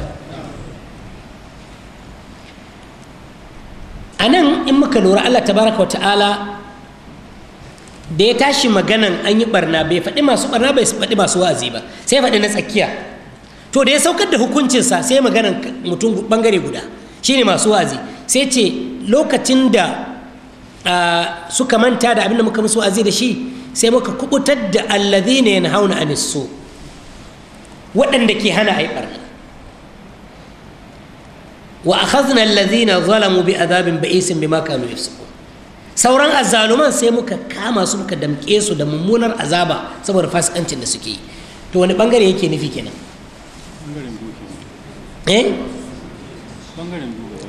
a nan in muka lura allah tabaraka ta'ala da ya tashi maganan an yi barna bai faɗi masu barna bai faɗi masu wa'azi ba sai faɗi na tsakiya to da ya saukar da hukuncinsa sai maganan mutum bangare guda shine masu wazi sai ce lokacin da suka manta da abinda muka musu wazi da shi sai muka kubutar da allazi ne na hauna waɗanda ke hana a yi ɓarna wa akhazna allazina zalamu bi azabin ba'isin bima kanu yafsukun sauran azzaluman sai muka kama su muka damƙe su da mummunar azaba saboda fasikancin da suke yi to wani bangare yake nufi kenan eh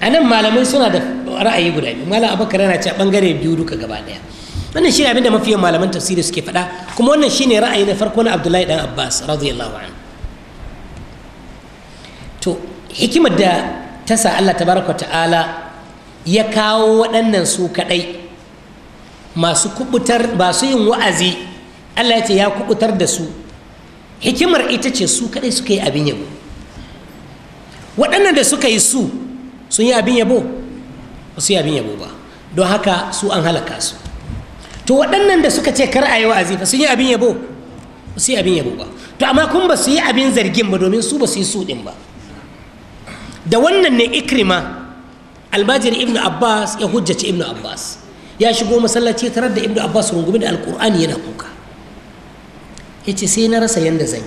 a nan malamai suna da ra'ayi guda biyu malam abakar yana cewa bangare biyu duka gaba daya wannan shi ne abinda yin malaman tafsiri suke faɗa kuma wannan shi ne ra'ayi na farko na abdullahi dan abbas radiyallahu anhu to hikimar da ta sa allah tabaraka ta'ala ya kawo waɗannan su kaɗai masu kubutar masu yin wa'azi allah ya ce ya kubutar da su hikimar ita ce su kaɗai suka yi abin yabo waɗannan da suka yi su sun yi abin yabo ba su yi abin yabo ba don haka su an halaka su to waɗannan da suka ce kar a yi wa'azi ba sun yi abin yabo ba su yi abin yabo ba to amma kun ba su yi abin zargin ba domin su ba su yi su ɗin ba da wannan ne ikrima almajiri Ibn abbas ya hujjaci Ibn abbas ya shigo masallaci tare da Ibn abbas rungumi da Alƙur'ani yana kuka ya sai na rasa yanda zan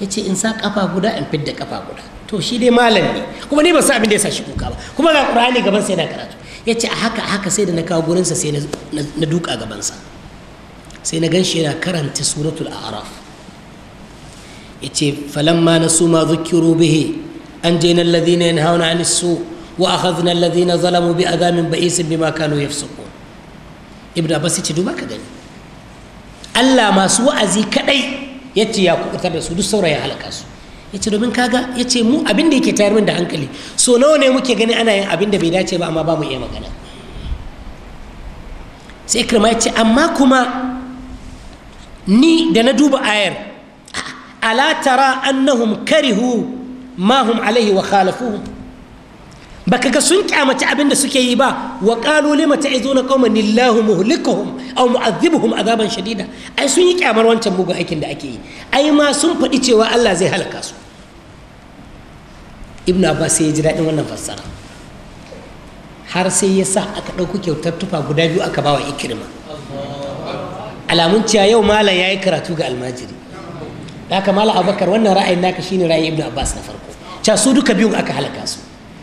yi ya in sa kafa guda in fidda kafa guda to shi dai malam ne kuma ni ba san abin da ya sa shi kuka ba kuma ga qur'ani gaban sai na karatu yace a haka a haka sai da na kawo gurinsa sai na duka gabansa sai na gan yana karanta suratul araf yace ce falamma na su ma zukiru bihi an je nan ladina su wa a hazina ladina zalamu bi azamin ba isin bi ma kano ibn abbas yace duba ka gani allah masu wa'azi kadai ya ce ya kubutar da su duk saurayi halaka su ya ce domin kaga ya ce mu abin da yake tayar min da hankali so nawa ne muke gani ana yin abin da bai dace ba amma ba mu iya magana sai ikirma ya ce amma kuma ni da na duba ayar ala tara annahum karihu ma hum alaihi wa khalafuhum baka ga sun kyamaci abin da suke yi ba wa qalu lima ta'izuna qauman illahu muhlikuhum aw mu'adhibuhum azaban shadida ai sun yi kyamar wancan mugun aikin da ake yi ai ma sun faɗi cewa Allah zai halaka su ibnu abbas sai ya ji daɗin wannan fassara har sai ya sa aka ɗauko kyautar tufa guda biyu aka bawa ikirma alamun cewa yau malam ya yi karatu ga almajiri da aka malam abubakar wannan ra'ayin naka shine ra'ayin ibnu abbas na farko cewa su duka biyun aka halaka su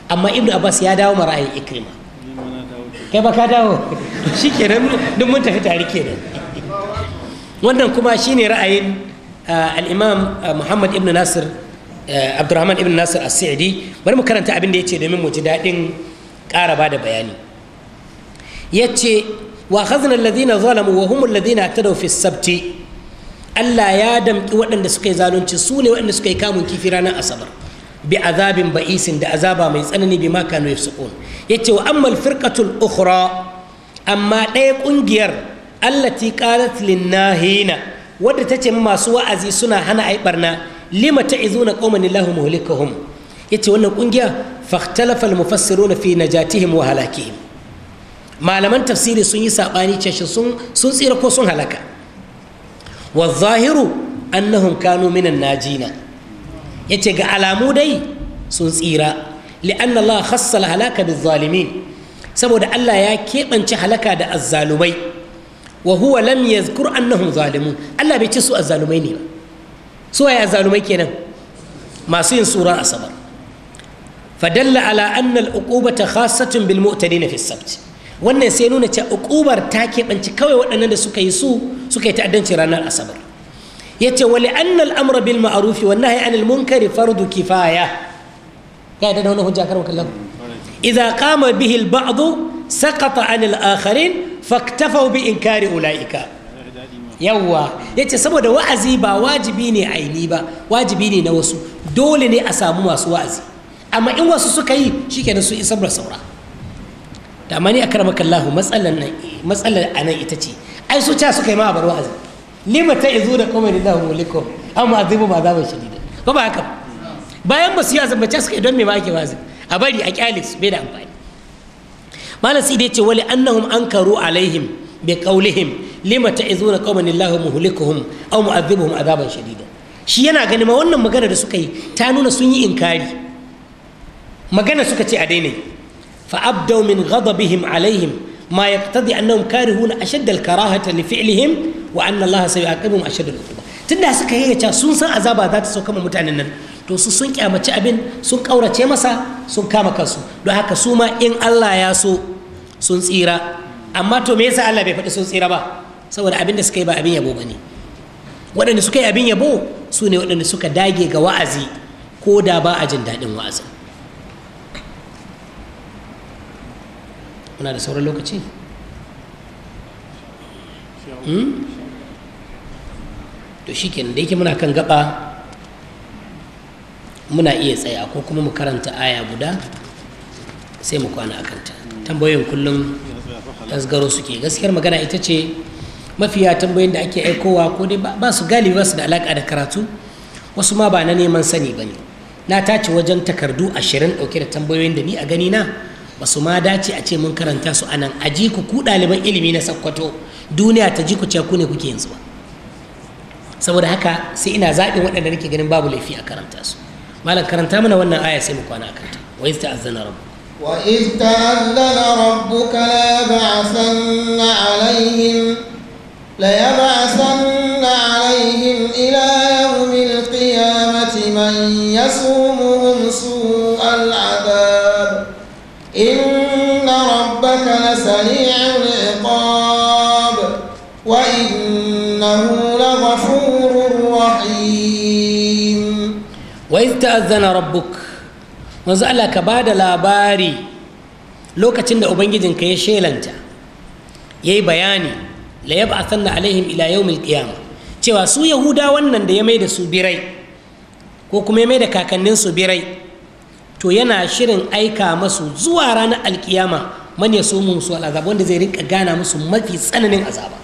amma ibnu abbas ya dawo ma ra'ayin ikirma kai ba ka dawo shi kenan duk mun tafi tare kenan wannan kuma shine ra'ayin ah, al'imam ah, muhammad Ibn nasir Eh, Abdulrahman ibn nasir as-sa'idi bari mu karanta abin da yace domin mu ji dadin ƙara bada bayani yace wa khazna alladhina zalamu wa hum alladhina tadaw fi sabti Allah ya damki waɗanda suka yi zalunci su ne waɗanda suka yi kamun kifi ranar asabar bi azabin ba'isin da azaba mai tsanani bi ma kanu yafsukun yace wa ammal firqatul ukhra amma ɗaya ƙungiyar allati qalat lin nahina wadda tace masu wa'azi suna hana aibarna barna lima ta'izuna qauman illahu muhlikuhum yace wannan kungiya fahtalafa almufassiruna fi najatihim wa halakihim malaman tafsiri sun yi sabani cewa sun sun tsira ko sun halaka wa zahiru annahum kanu minan najina yace ga alamu dai sun tsira li'anna Allah khassa halaka bizzalimin saboda Allah ya keɓance halaka da azzalumai wa huwa lam yadhkur annahum Allah bai ce su azzalumai ne ba su waye zalumai kenan masu yin tsoron asabar fadalla ala annal ta khassatun bil mu'tadin fi sabt wannan sai nuna cewa uqubar ta keɓanci kawai waɗannan da suka yi su suka yi ta'addanci ranar asabar yace wali annal amra bil ma'ruf wan nahyi anil munkari fardu kifaya ya da wannan hujja karu kallahu idza qama bihi al ba'd saqata anil akharin faktafu bi inkari ulaika yawwa ya ce saboda wa'azi ba wajibi ne a aini ba wajibi ne na wasu dole ne a samu masu wa'azi amma in wasu suka yi shikenan su isar da saura da amma ni a karamaka Kallahu matsalar a nan ita ce ai su ca suka yi ma a bar wa'azi lima ta izo da kuma lillahi mulikum amma azibu ba za mu shiri ko ba haka bayan ba su yi azaba ca suka yi don me ma ake wa'azi a bari a kyale su bai da amfani malam sai dai ce wali annahum ankaru alaihim bi qaulihim lima ta'izuna qauman illahu muhlikuhum aw mu'adhibuhum adhaban shadida shi yana ganin ma wannan magana da suka yi ta nuna sun yi inkari magana suka ce a daina fa abdau min ghadabihim alaihim ma yaqtadi annahum karihuna ashadd al karahata li fi'lihim wa anna allaha sayu'aqibuhum ashadd al tunda suka yi ta sun san azaba za ta sauka mutanen nan to su sun kyamaci abin sun kaurace masa sun kama kansu don haka su ma in Allah ya so sun tsira amma to me yasa Allah bai faɗi sun tsira ba saboda abin da suka yi ba abin yabo ba ne suka yi abin yabo su ne waɗanda suka dage ga wa'azi ko da ba a jin daɗin wa'azi, muna da sauran lokaci hmm? to shi kenan da yake muna kan gaba muna iya tsaya ko kuma mu karanta aya guda sai mu kwana a kanta tambayoyin kullum tasgaro suke gaskiyar magana ita ce mafiya tambayoyin da ake aikowa ko dai ba su galibi ba su da alaƙa da karatu wasu ma ba na neman sani ba ne na tace wajen takardu ashirin ɗauke da tambayoyin da ni a gani na ba su ma dace a ce mun karanta su anan ji ku ku ɗaliban ilimi na sakkwato duniya ta ji ku ce ku ne kuke yanzu ba saboda haka sai ina zaɓin waɗanda nake ganin babu laifi a karanta su malam karanta mana wannan aya sai mu kwana a kanta wa yi ta'azzana rabu وإذ rabbuka la ليبعثن عليهم ليبعثن عليهم إلى يوم القيامة من يسومهم سوء العذاب إن ربك لسريع العقاب وإنه لغفور رحيم وإذ تأذن ربك manzo Allah ka ba da labari lokacin da ubangijinka ya shelanta ya yi bayani la sannan alaihim ila mai qiyamah cewa su yahuda wannan da ya mai da su birai ko kuma ya mai da kakannin su birai to yana shirin aika masu zuwa ranar alkiyama man ya somu musu al'azab wanda zai rinka gana musu mafi tsananin azaba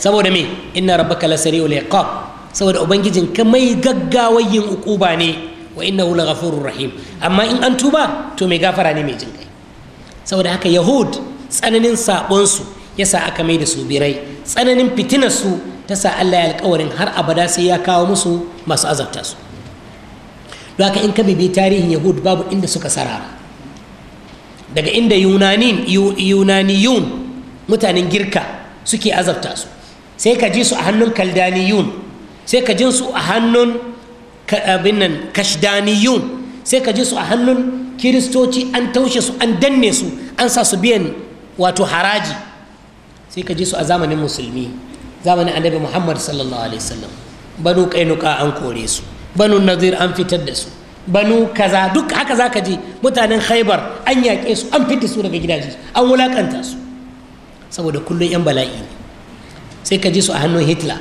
saboda me inna rabbaka lasari'ul iqab saboda ubangijin ka mai gaggawayin ukuba ne wa hula laghafurur rahim amma in an tuba to mai gafara ne mai jin kai saboda haka yahud tsananin sabon su yasa aka mai da su birai tsananin fitinar su ta sa Allah ya alƙawarin har abada sai ya kawo musu masu azabta su don haka in ka bibi tarihin yahud babu inda suka sarara daga inda yunanin yunaniyun mutanen girka suke azabta su sai ka ji su a hannun kaldaniyun sai ka jin su a hannun abin kashdaniyun sai ka ji su a hannun kiristoci an taushe su an danne su an sa su biyan wato haraji sai ka ji su a zamanin musulmi zamanin annabi muhammad sallallahu alaihi wasallam banu kainuka an kore su banu nazir an fitar da su banu kaza duk haka za ka ji mutanen khaibar an yaƙe su an fitar su daga gidaje an wulaƙanta su saboda kullum 'yan bala'i ne sai ka ji su a hannun hitler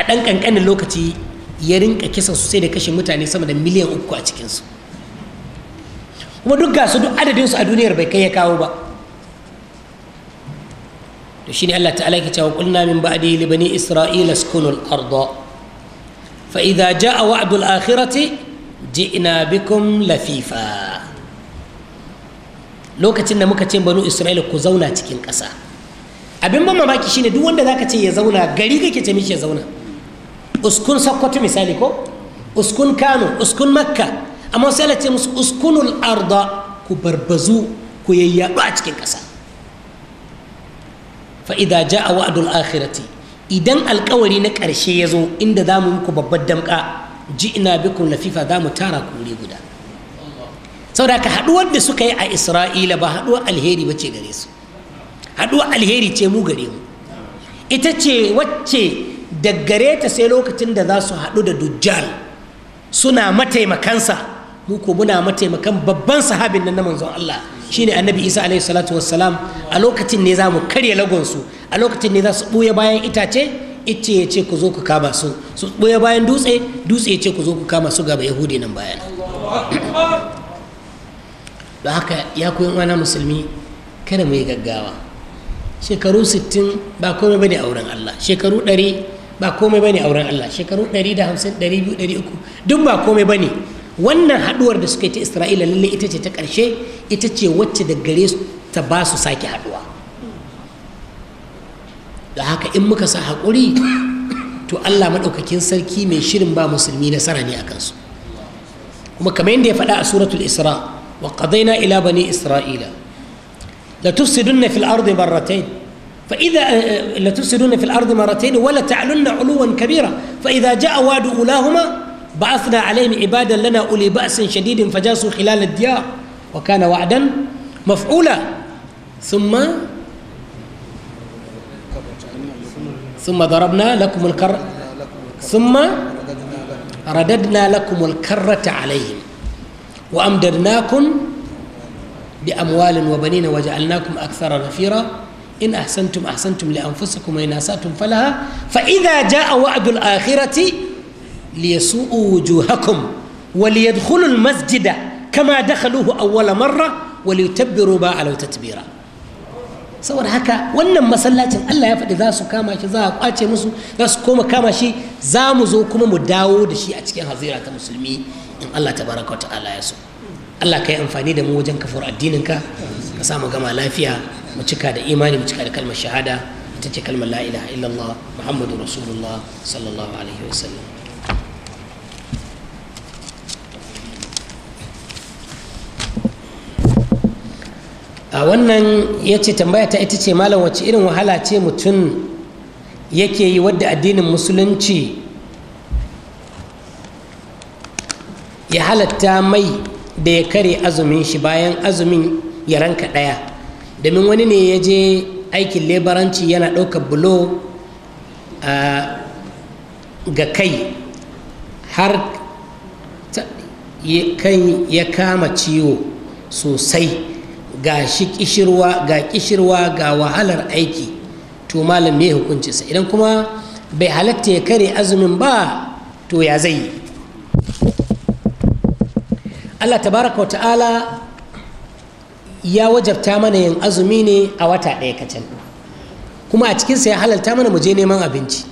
a ɗan ƙanƙanin lokaci ya rinka kisan su sai da kashe mutane sama da miliyan uku a cikinsu kuma duk gasu duk adadinsu a duniyar bai kai ya kawo ba to shine Allah ta'ala ke cewa qulna min ba'di li bani isra'ila iskunu al-ardh fa a jaa wa'du al-akhirati ji'na bikum lafifa lokacin da muka ce banu isra'ila ku zauna cikin ƙasa abin ban mamaki shine duk wanda zaka ce ya zauna gari kake ce mishi ya zauna uskun sakkwato misali ko uskun kano uskun makka amma sai ce musu uskunul arda ku barbazu ku yaɗu a cikin ƙasa fa'ida ja a wa'adul akhirati idan alkawari na ƙarshe ya zo inda za mu muku babbar damƙa ina bikum lafifa za mu tara ku wuri guda saboda haɗuwar da suka yi a isra'ila ba haɗuwar alheri ba ce gare su haɗuwar alheri ce mu gare mu ita ce wacce daggare ta sai lokacin da za su haɗu da dujjal suna mataimakansa mu ko muna mataimakan babban sahabin nan na manzon Allah shine annabi isa alaihi salatu wassalam a lokacin ne za mu karya lagonsu a lokacin ne za su ɓuya bayan itace ice ya ce ku zo ku kama su su ɓuya bayan dutse dutse ya ce ku zo ku kama su ga yahudi nan bayan don haka ya koyi ana musulmi kada mu yi gaggawa shekaru 60 ba komai bane a wurin Allah shekaru 100 ba komai bane a wurin Allah shekaru 150 200 300 duk ba komai bane wannan haduwar da suka yi ta isra'ila lalle ita ce ta karshe ita ce wacce da gare su ta ba su saki haduwa da haka in muka sa hakuri to allah madaukakin sarki mai shirin ba musulmi nasara ne akan su kuma kamar yadda ya faɗa a suratul isra wa qadaina ila bani isra'ila la tufsidunna fil ardi marratayn فإذا لتفسدون في الأرض مرتين ولا تعلن علوا كبيرا فإذا جاء وعد أولاهما بعثنا عليهم عبادا لنا أولي بأس شديد فجاسوا خلال الديار وكان وعدا مفعولا ثم ثم ضربنا لكم الكرة ثم رددنا لكم الكرة عليهم وأمددناكم بأموال وبنين وجعلناكم أكثر نفيرا إن أحسنتم أحسنتم لأنفسكم وإن أسأتم فلها فإذا جاء وعد الآخرة liyasu'u wujuhakum wa liyadkhulu masjida kama dakhaluhu awwala marra wa liyutabbiru ba saboda haka wannan masallacin Allah ya faɗi za su kama shi za a kwace musu za su koma kama shi za mu zo kuma mu dawo da shi a cikin hazira ta musulmi in Allah ta wa ta'ala ya so Allah ka yi amfani da mu wajen kafar addininka ka sa mu gama lafiya mu cika da imani mu cika da kalmar shahada ita ce kalmar la ilaha illallah muhammadu rasulullah sallallahu alaihi sallam. a wannan ya ce tambaya ta ita ce malam wacce irin wahala ce mutum yake yi wadda addinin musulunci ya halatta mai da ya kare azumin shi bayan azumin ya ranka ɗaya domin wani ne ya je aikin lebaranci yana ɗaukar bulo ga kai har kan ya kama ciwo sosai ga shi kishirwa ga kishirwa ga wahalar aiki to malam me hukuncinsa idan kuma bai halatta ya kare azumin ba to ya zai yi allah tabaraka wa ta'ala ya wajabta mana yin azumi ne a wata ɗaya kacal kuma a cikinsa ya halalta mana mu je neman abinci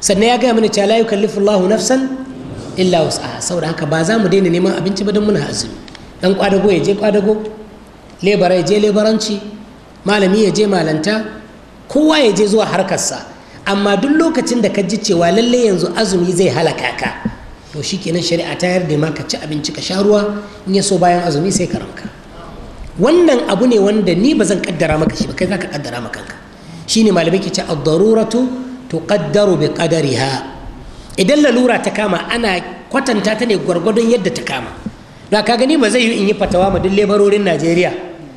sannan ya gaya mana cewa la yukallifu Allahu nafsan illa wus'aha saboda haka ba za mu daina neman abinci ba don muna azumi dan kwadago ya je kwadago lebara ya je lebaranci malami ya je malanta kowa ya je zuwa harkarsa amma duk lokacin da ka ji cewa lallai yanzu azumi zai halaka ka to shi kenan shari'a ta yarda ma ka ci abinci ka sha ruwa in ya so bayan azumi sai ka ranka wannan abu ne wanda ni ba zan kaddara maka shi ba kai za ka kaddara maka kanka shine malamai ke ce ad-daruratu tuqaddaru bi qadariha idan lalura ta kama ana kwatanta ta ne gwargwadon yadda ta kama da ka gani ba zai yi in yi fatawa ma duk lebarorin najeriya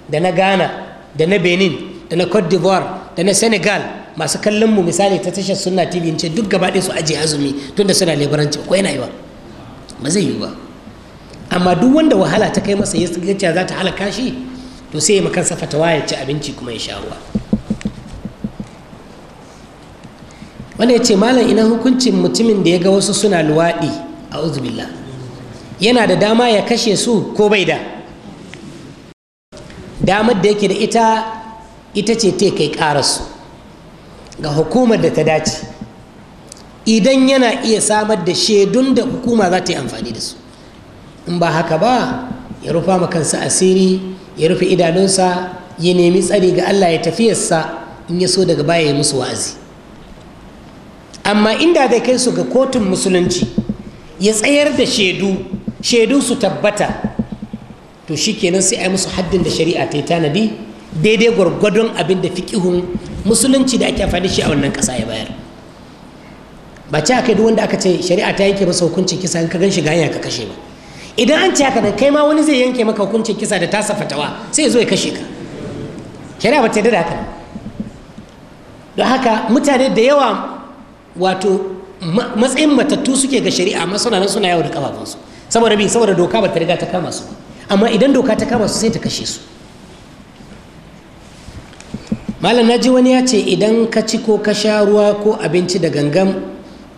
da na ghana da na benin da na cote d'ivoire da na senegal masu kallon mu misali ta tashar suna tv ce duk gaba ɗaya su ajiye azumi tun da suna lebaranci ko yana yi ba ba zai yi ba amma duk wanda wahala ta kai masa ya za ta halaka shi to sai ya kansa fatawa ya ci abinci kuma ya sha ruwa wanda ya ce malam ina hukuncin mutumin da ya ga wasu suna luwaɗi a uzubillah yana da dama ya kashe su ko bai da damar da yake da ita ita ce ta kai karasu, ga hukumar da ta dace idan yana iya samar da shaidun da hukuma za ta yi amfani da su in ba haka ba ya rufa ma asiri ya rufe idanunsa ya nemi tsari ga allah ya tafiyarsa in ya so daga baya ya musu wa'azi amma inda zai kai su ga kotun musulunci ya tsayar da shaidu shaidu su tabbata to shi kenan sai a yi musu haddin da shari'a ta yi tanadi daidai gwargwadon abin da fiƙihun musulunci da ake amfani shi a wannan ƙasa ya bayar ba ci aka yi wanda aka ce shari'a ta yanke masa hukuncin kisa in ka gan shi hanya ka kashe ba idan an ce haka nan kai ma wani zai yanke maka hukuncin kisa da tasa fatawa sai ya zo ya kashe ka shari'a ba ta yarda da haka don haka mutane da yawa wato matsayin matattu suke ga shari'a amma suna nan suna da saboda bi saboda doka ba ta riga ta kama su amma idan doka ta kama su sai ta kashe su malam ji wani ya ce idan ka ci ko ka sha ruwa ko abinci da gangan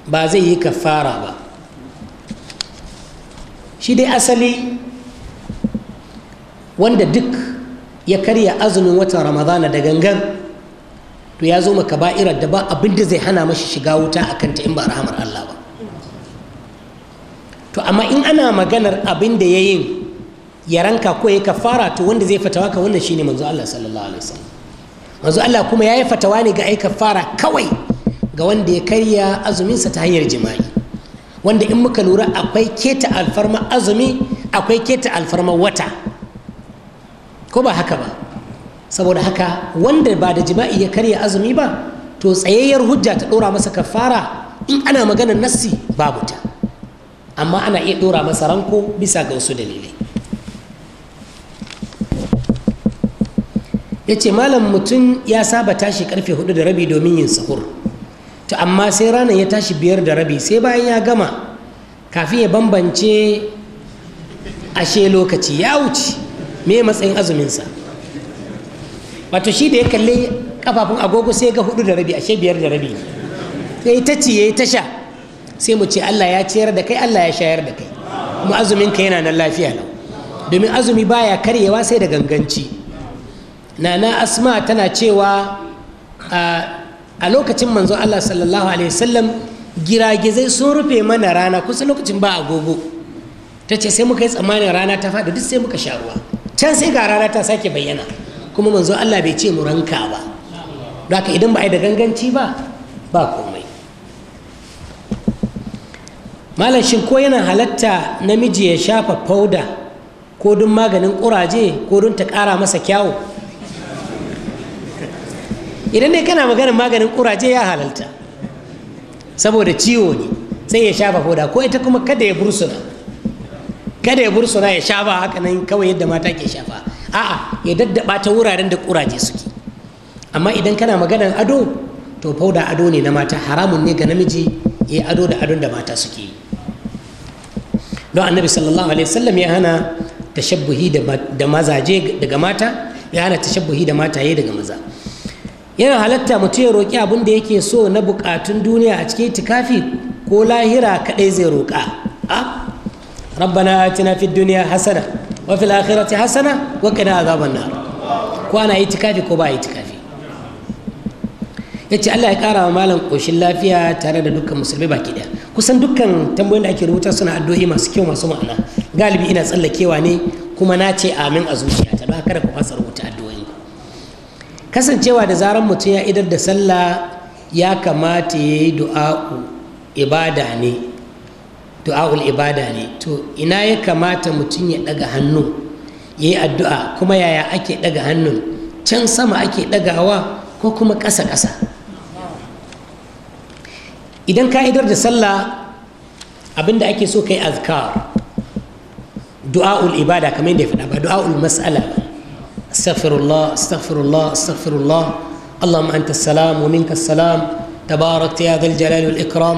ba zai yi kafara ba shi dai asali wanda duk ya karya azumin watan ramadana da gangan to ya zo maka ba'irar da ba abin da zai hana mashi shiga wuta a kanta in ba rahamar allah ba to amma in ana maganar abin da ya yi ya ranka ko ya kafara to wanda zai fatawa ka wannan shine manzo Allah sallallahu alaihi wasallam manzo Allah kuma yayi fatawa ne ga aika fara kawai ga wanda ya karya azuminsa ta hanyar jima'i wanda in muka lura akwai keta alfarma azumi akwai keta alfarma wata ko ba haka ba saboda haka wanda ba da jima'i ya karya azumi ba to tsayayyar hujja ta ɗora masa kafara in ana maganar nassi babu ta amma ana iya ɗora masa ranko bisa ga wasu dalilai ya ce malam mutum ya saba tashi karfe hudu da rabi domin yin sahur to amma sai ranar ya tashi biyar da rabi sai bayan ya gama kafin ya bambance ashe lokaci ya wuce me matsayin azuminsa wato shi da ya kalli kafafun agogo sai ga hudu da rabi ashe biyar da rabi sai ta ciye ya yi tasha sai mu ce Allah ya ciyar da kai Allah ya shayar da kai kuma azuminka yana nan lafiya lau domin azumi baya karyewa sai da ganganci nana asma tana cewa a lokacin manzon Allah sallallahu alaihi wasallam giragizai sun rufe mana rana kusa lokacin ba agogo ta ce sai muka yi tsammanin rana ta faɗi duk sai muka sha ruwa can sai ga rana ta sake bayyana kuma manzo Allah bai ce mu ranka ba haka idan ba a yi da ganganci ba ba komai malam shin ko yana halatta namiji ya shafa fauda ko don maganin ƙuraje ko don ta ƙara masa kyawu idan dai kana maganin maganin ƙuraje ya halalta saboda ciwo ne sai ya shafa fauda ko ita kuma kada ya bursuna kada ya bursuna ya shafa haka nan kawai yadda mata ke shafa a'a ya daddaba ta wuraren da ƙuraje suke amma idan kana maganin ado to fauda ado ne na mata haramun ne ga namiji ya ado da adon da mata suke yi don annabi sallallahu alaihi wasallam ya hana tashabbuhi da mazaje daga mata ya hana tashabbuhi da mataye daga maza yana halatta mutum ya roƙi abin da yake so na buƙatun duniya a cikin tikafi ko lahira kaɗai zai roƙa a rabbana atina fid duniya hasana wa fil akhirati hasana wa qina azaban nar ko ana itikafi ko ba itikafi ya ce allah ya kara wa malam koshin lafiya tare da dukkan musulmi baki daya kusan dukkan tambayoyin da ake rubuta suna addu'o'i masu kyau masu ma'ana galibi ina tsallakewa ne kuma na ce amin a zuciyata don kada ku fasa rubuta addu'o'i kasancewa da zaran mutum ya idar da sallah ya kamata ya yi du'a'u ibada ne du'a'ul ibada ne to ina ya kamata mutum ya daga hannu ya yi addu'a kuma yaya ake daga hannun can sama ake dagawa ko kuma kasa kasa. idan ka idar da sallah abinda ake so kai azkar du'a'ul ibada kamar yadda ya faɗa ba du'a'ul mas'ala astaghfirullah astaghfirullah astaghfirullah اللهم أنت السلام ومنك السلام تباركت يا ذا الجلال والإكرام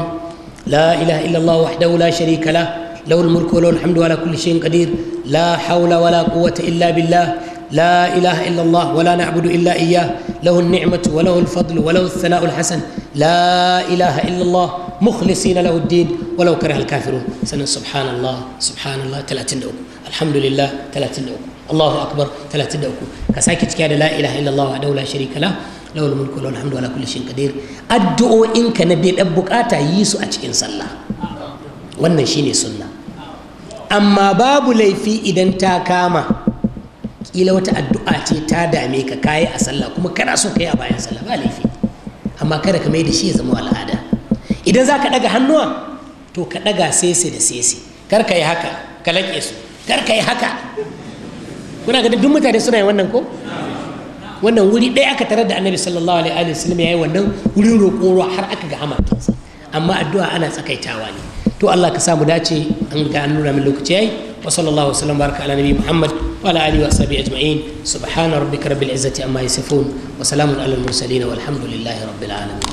لا إله إلا الله وحده لا شريك له له الملك وله الحمد على كل شيء قدير لا حول ولا قوة إلا بالله لا إله إلا الله ولا نعبد إلا إياه له النعمة وله الفضل وله الثناء الحسن لا إله إلا الله مخلصين له الدين ولو كره الكافرون سنة سبحان الله سبحان الله ثلاثين دوكو الحمد لله ثلاثين دوكو الله أكبر ثلاثين دوكو كساكت كان لا إله إلا الله وحده لا شريك له له الملك وله الحمد على كل شيء قدير أدعو إنك نبي أبوك آتا يسو أتشكين صلى wannan shine sunna amma babu laifi idan ta kama kila wata addu'a ce ta dame ka kayi a sallah kuma kana so kai a bayan amma kada ka mai da shi ya zama al'ada idan za ka ɗaga hannuwa to ka ɗaga sese da sese kar ka yi haka ka laƙe su kar ka yi haka kuna ga duk mutane suna yin wannan ko wannan wuri ɗaya aka tarar da annabi sallallahu alaihi wasallam ya yi wannan wurin roƙo har aka ga hamartansa amma addu'a ana tsakaitawa ne to Allah ka samu dace an ga an nuna min lokaci yayi wa sallallahu baraka ala nabi Muhammad wa ala alihi wa sahbihi ajma'in subhana rabbika rabbil izzati amma yasifun wa salamun alal mursalin walhamdulillahi rabbil alamin